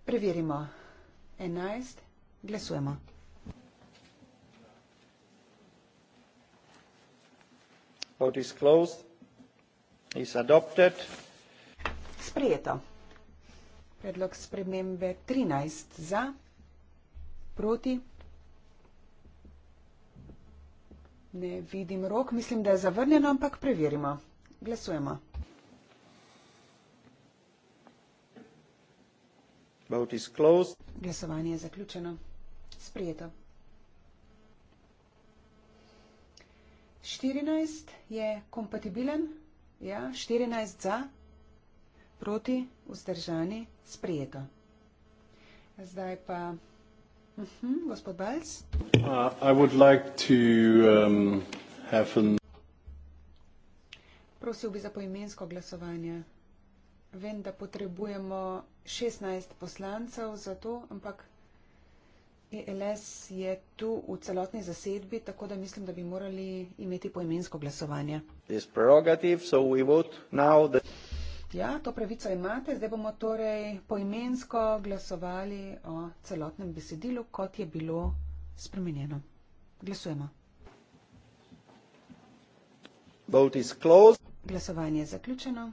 Preverimo. 11. Glasujemo. Vote is closed. Is adopted sprejeto. Predlog spremembe 13 za, proti. Ne vidim rok, mislim, da je zavrnjeno, ampak preverimo. Glasujemo. Glasovanje je zaključeno. Sprijeto. 14 je kompatibilen. Ja, 14 za, proti, vzdržani, sprijeto. Zdaj pa uh mhm, -huh, gospod Balc. Uh, like um, an... Prosil bi za poimensko glasovanje. Vem, da potrebujemo 16 poslancev za to, ampak ELS je tu v celotni zasedbi, tako da mislim, da bi morali imeti poimensko glasovanje. To je prerogativ, zato bomo zdaj. Ja, to pravico imate. Zdaj bomo torej poimensko glasovali o celotnem besedilu, kot je bilo spremenjeno. Glasujemo. Glasovanje je zaključeno.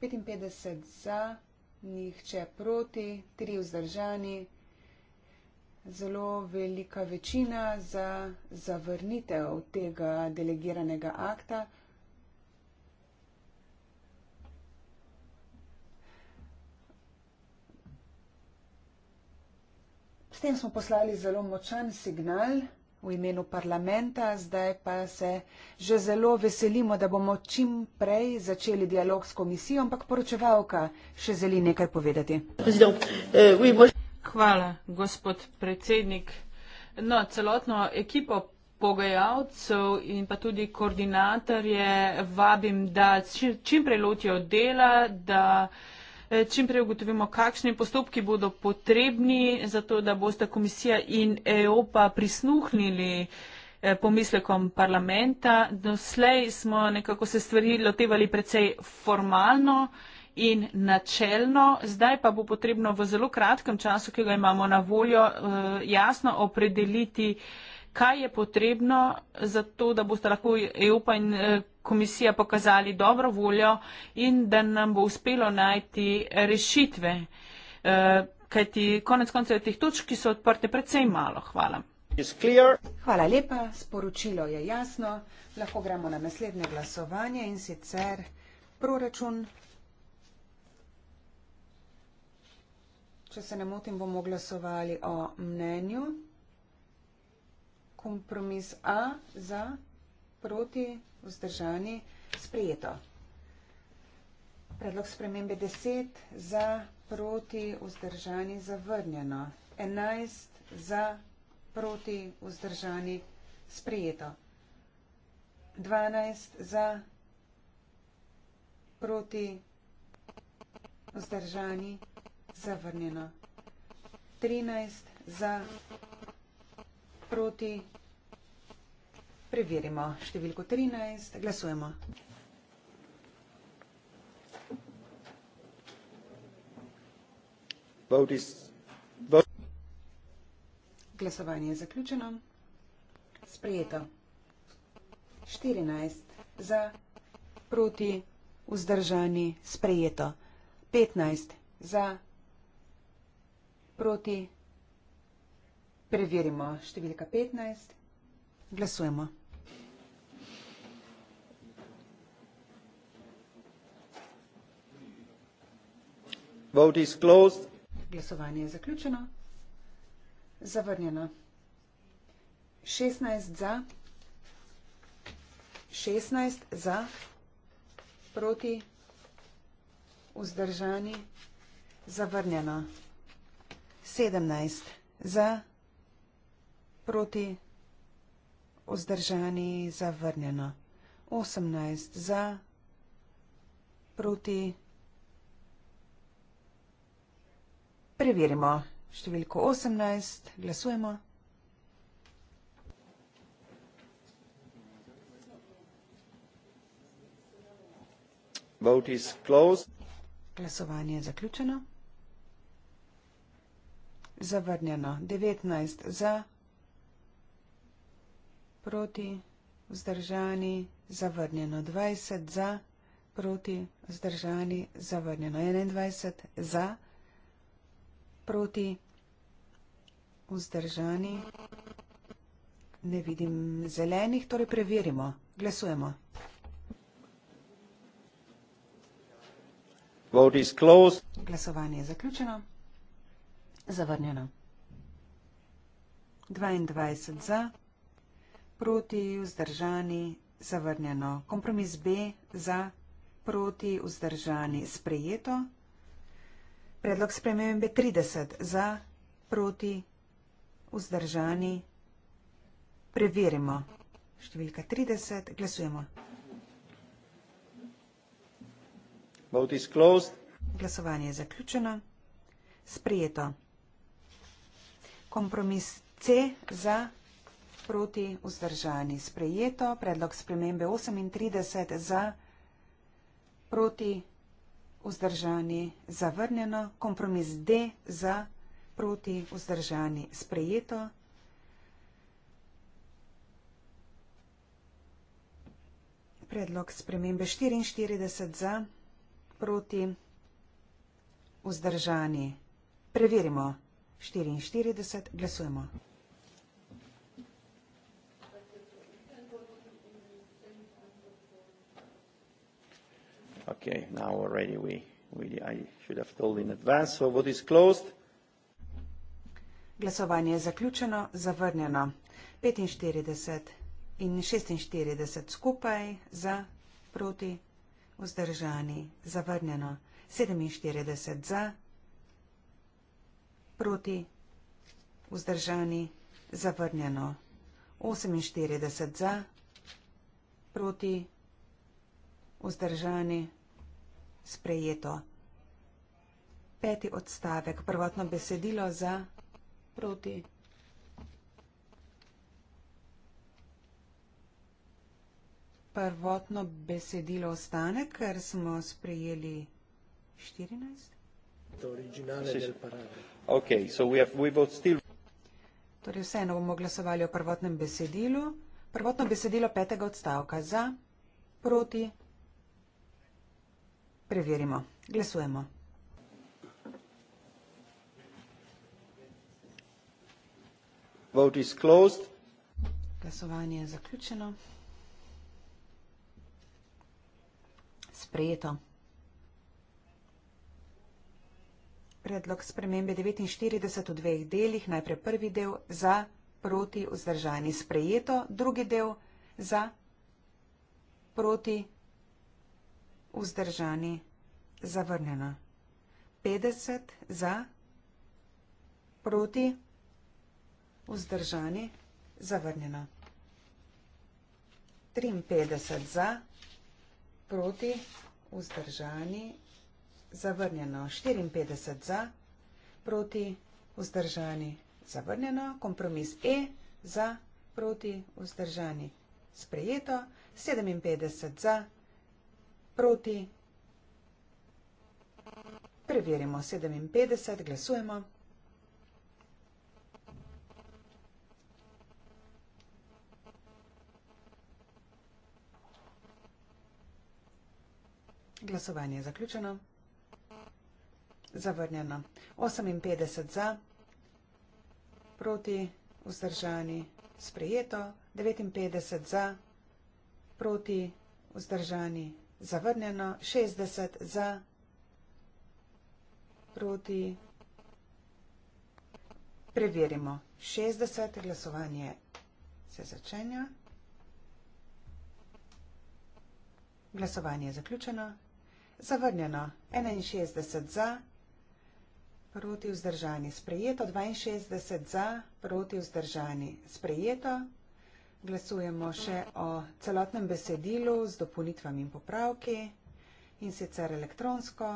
55 za, nihče proti, 3 vzdržani, zelo velika večina za zavrnitev tega delegiranega akta. tem smo poslali zelo močan signal v imenu parlamenta, zdaj pa se že zelo veselimo, da bomo čim prej začeli dialog s komisijo, ampak poročevalka še želi nekaj povedati. Eh, Hvala, gospod predsednik. No, celotno ekipo pogajalcev in pa tudi koordinatorje vabim, da čim prej lotijo dela, da Eh, čim prej ugotovimo, kakšni postopki bodo potrebni za to, da boste komisija in EOPA prisluhnili eh, pomislekom parlamenta. Doslej smo nekako se stvari lotevali precej formalno in načelno. Zdaj pa bo potrebno v zelo kratkem času, ki ga imamo na voljo, eh, jasno opredeliti, kaj je potrebno za to, da boste lahko EOPA in komisija pokazali dobro voljo in da nam bo uspelo najti rešitve. Eh, kajti konec koncev teh točk, ki so odprte, predvsem malo. Hvala. Hvala lepa, sporočilo je jasno. Lahko gremo na naslednje glasovanje in sicer proračun. Če se ne motim, bomo glasovali o mnenju. Kompromis A za proti vzdržani, sprejeto. Predlog spremembe 10 za, proti, vzdržani, zavrnjeno. 11 za, proti, vzdržani, sprejeto. 12 za, proti, vzdržani, zavrnjeno. 13 za, proti, vzdržani, sprejeto. Preverimo številko 13, glasujemo. Vote is, vote. Glasovanje je zaključeno. Sprejeto. 14 za, proti, vzdržani, sprejeto. 15 za, proti, preverimo številka 15. Glasujemo. Glasovanje je zaključeno. Zavrnjeno. 16 za. 16 za. Proti. Vzdržani. Zavrnjeno. 17 za. Proti. Vzdržani. Zavrnjeno. 18 za. Proti. Vzdržani. Preverimo. Številko 18, glasujemo. Glasovanje je zaključeno. Zavrnjeno. 19 za, proti, vzdržani, zavrnjeno. 20 za, proti, vzdržani, zavrnjeno. 21 za, proti proti vzdržani. Ne vidim zelenih, torej preverimo. Glasujemo. Glasovanje je zaključeno. Zavrnjeno. 22 za, proti vzdržani, zavrnjeno. Kompromis B za, proti vzdržani, sprejeto. Predlog spremembe 30 za, proti, vzdržani. Preverimo. Številka 30. Glasujemo. Vote is closed. Glasovanje je zaključeno. Sprijeto. Kompromis C za, proti, vzdržani. Sprijeto. Predlog spremembe 38 za, proti, vzdržani vzdržani zavrnjeno, kompromis D za proti vzdržani sprejeto. Predlog spremembe 44 za proti vzdržani. Preverimo 44, glasujemo. Okay, now already we I should have told in advance. So vote is closed. Glasovanje je zaključeno. Zavrnjeno. 45 in 46 skupaj za, proti, vzdržani. Zavrnjeno. 47 za, proti, vzdržani. Zavrnjeno. 48 za, proti, vzdržani sprejeto. Peti odstavek, prvotno besedilo za proti. Prvotno besedilo ostane, ker smo sprejeli 14. Torej vseeno bomo glasovali o prvotnem besedilu. Prvotno besedilo petega odstavka za proti. Preverimo. Glasujemo. Glasovanje je zaključeno. Sprejeto. Predlog spremembe 49 v dveh delih, najprej prvi del za proti vzdržani sprejeto, drugi del za proti vzdržani vzdržani, zavrnjeno. 50 za, proti, vzdržani, zavrnjeno. 53 za, proti, vzdržani, zavrnjeno. 54 za, proti, vzdržani, zavrnjeno. Kompromis E za, proti, vzdržani, sprejeto. 57 za, proti, vzdržani, zavrnjeno proti. Preverimo 57, glasujemo. Glasovanje je zaključeno. Zavrnjeno. 58 za, proti, vzdržani, sprejeto. 59 za, proti, vzdržani, zavrnjeno, 60 za, proti, preverimo, 60, glasovanje se začenja, glasovanje je zaključeno, zavrnjeno, 61 za, proti vzdržani sprejeto, 62 za, proti vzdržani sprejeto, 62 za, Glasujemo še o celotnem besedilu z dopolnitvami in popravki in sicer elektronsko.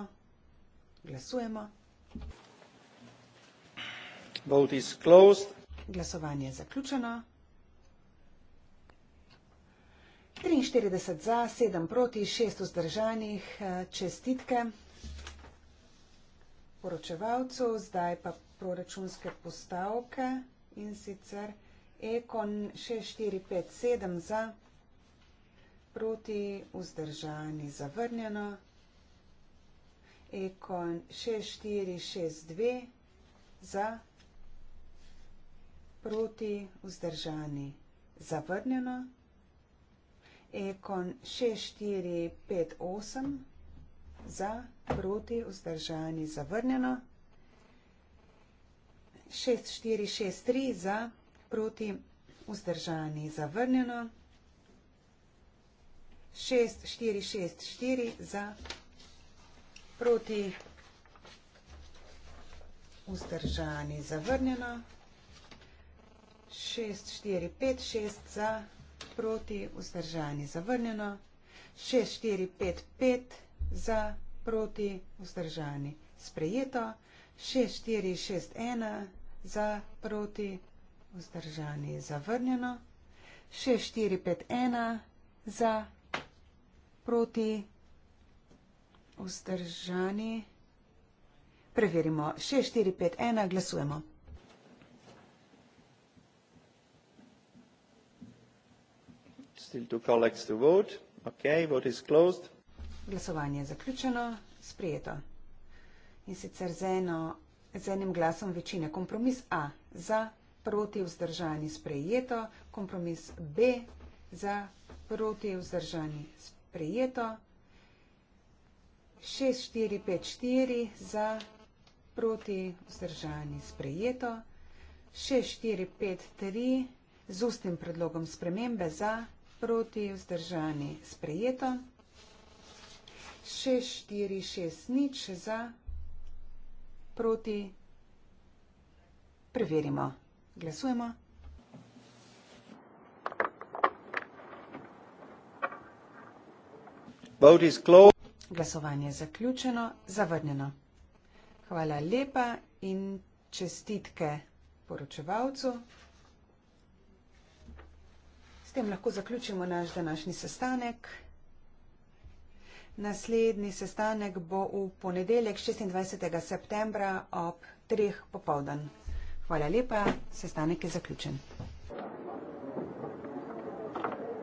Glasujemo. Vote is closed. Glasovanje je zaključeno. 43 za, 7 proti, 6 vzdržanih eh, čestitke poročevalcu. Zdaj pa proračunske postavke in sicer Ekon 6457 za, proti vzdržani zavrnjeno. Ekon 6462 za, proti vzdržani zavrnjeno. Ekon 6458 za, proti vzdržani zavrnjeno. 6463 za, proti vzdržani zavrnjeno proti, vzdržani zavrnjeno, 6, 4, 6, 4 za proti, vzdržani zavrnjeno, 6, 4, 5, 6 za proti, vzdržani zavrnjeno, 6, 4, 5, 5 za proti, vzdržani sprejeto, 6, 4, 6, 1 za proti, vzdržani zavrnjeno, vzdržani, zavrnjeno, še 4, 5, 1 za, proti, vzdržani, preverimo, še 4, 5, 1, glasujemo. Glasovanje je zaključeno, sprijeto. In sicer z enim glasom večine. Kompromis A za proti vzdržani sprejeto, kompromis B za proti vzdržani sprejeto, 6454 za proti vzdržani sprejeto, 6453 z ustnim predlogom spremembe za proti vzdržani sprejeto, 6460 za proti preverimo. Glasujemo. Glasovanje je zaključeno, zavrnjeno. Hvala lepa in čestitke poročevalcu. S tem lahko zaključimo naš današnji sestanek. Naslednji sestanek bo v ponedeljek 26. septembra ob 3. popovdan. Hvala lepa, sestanek je zaključen.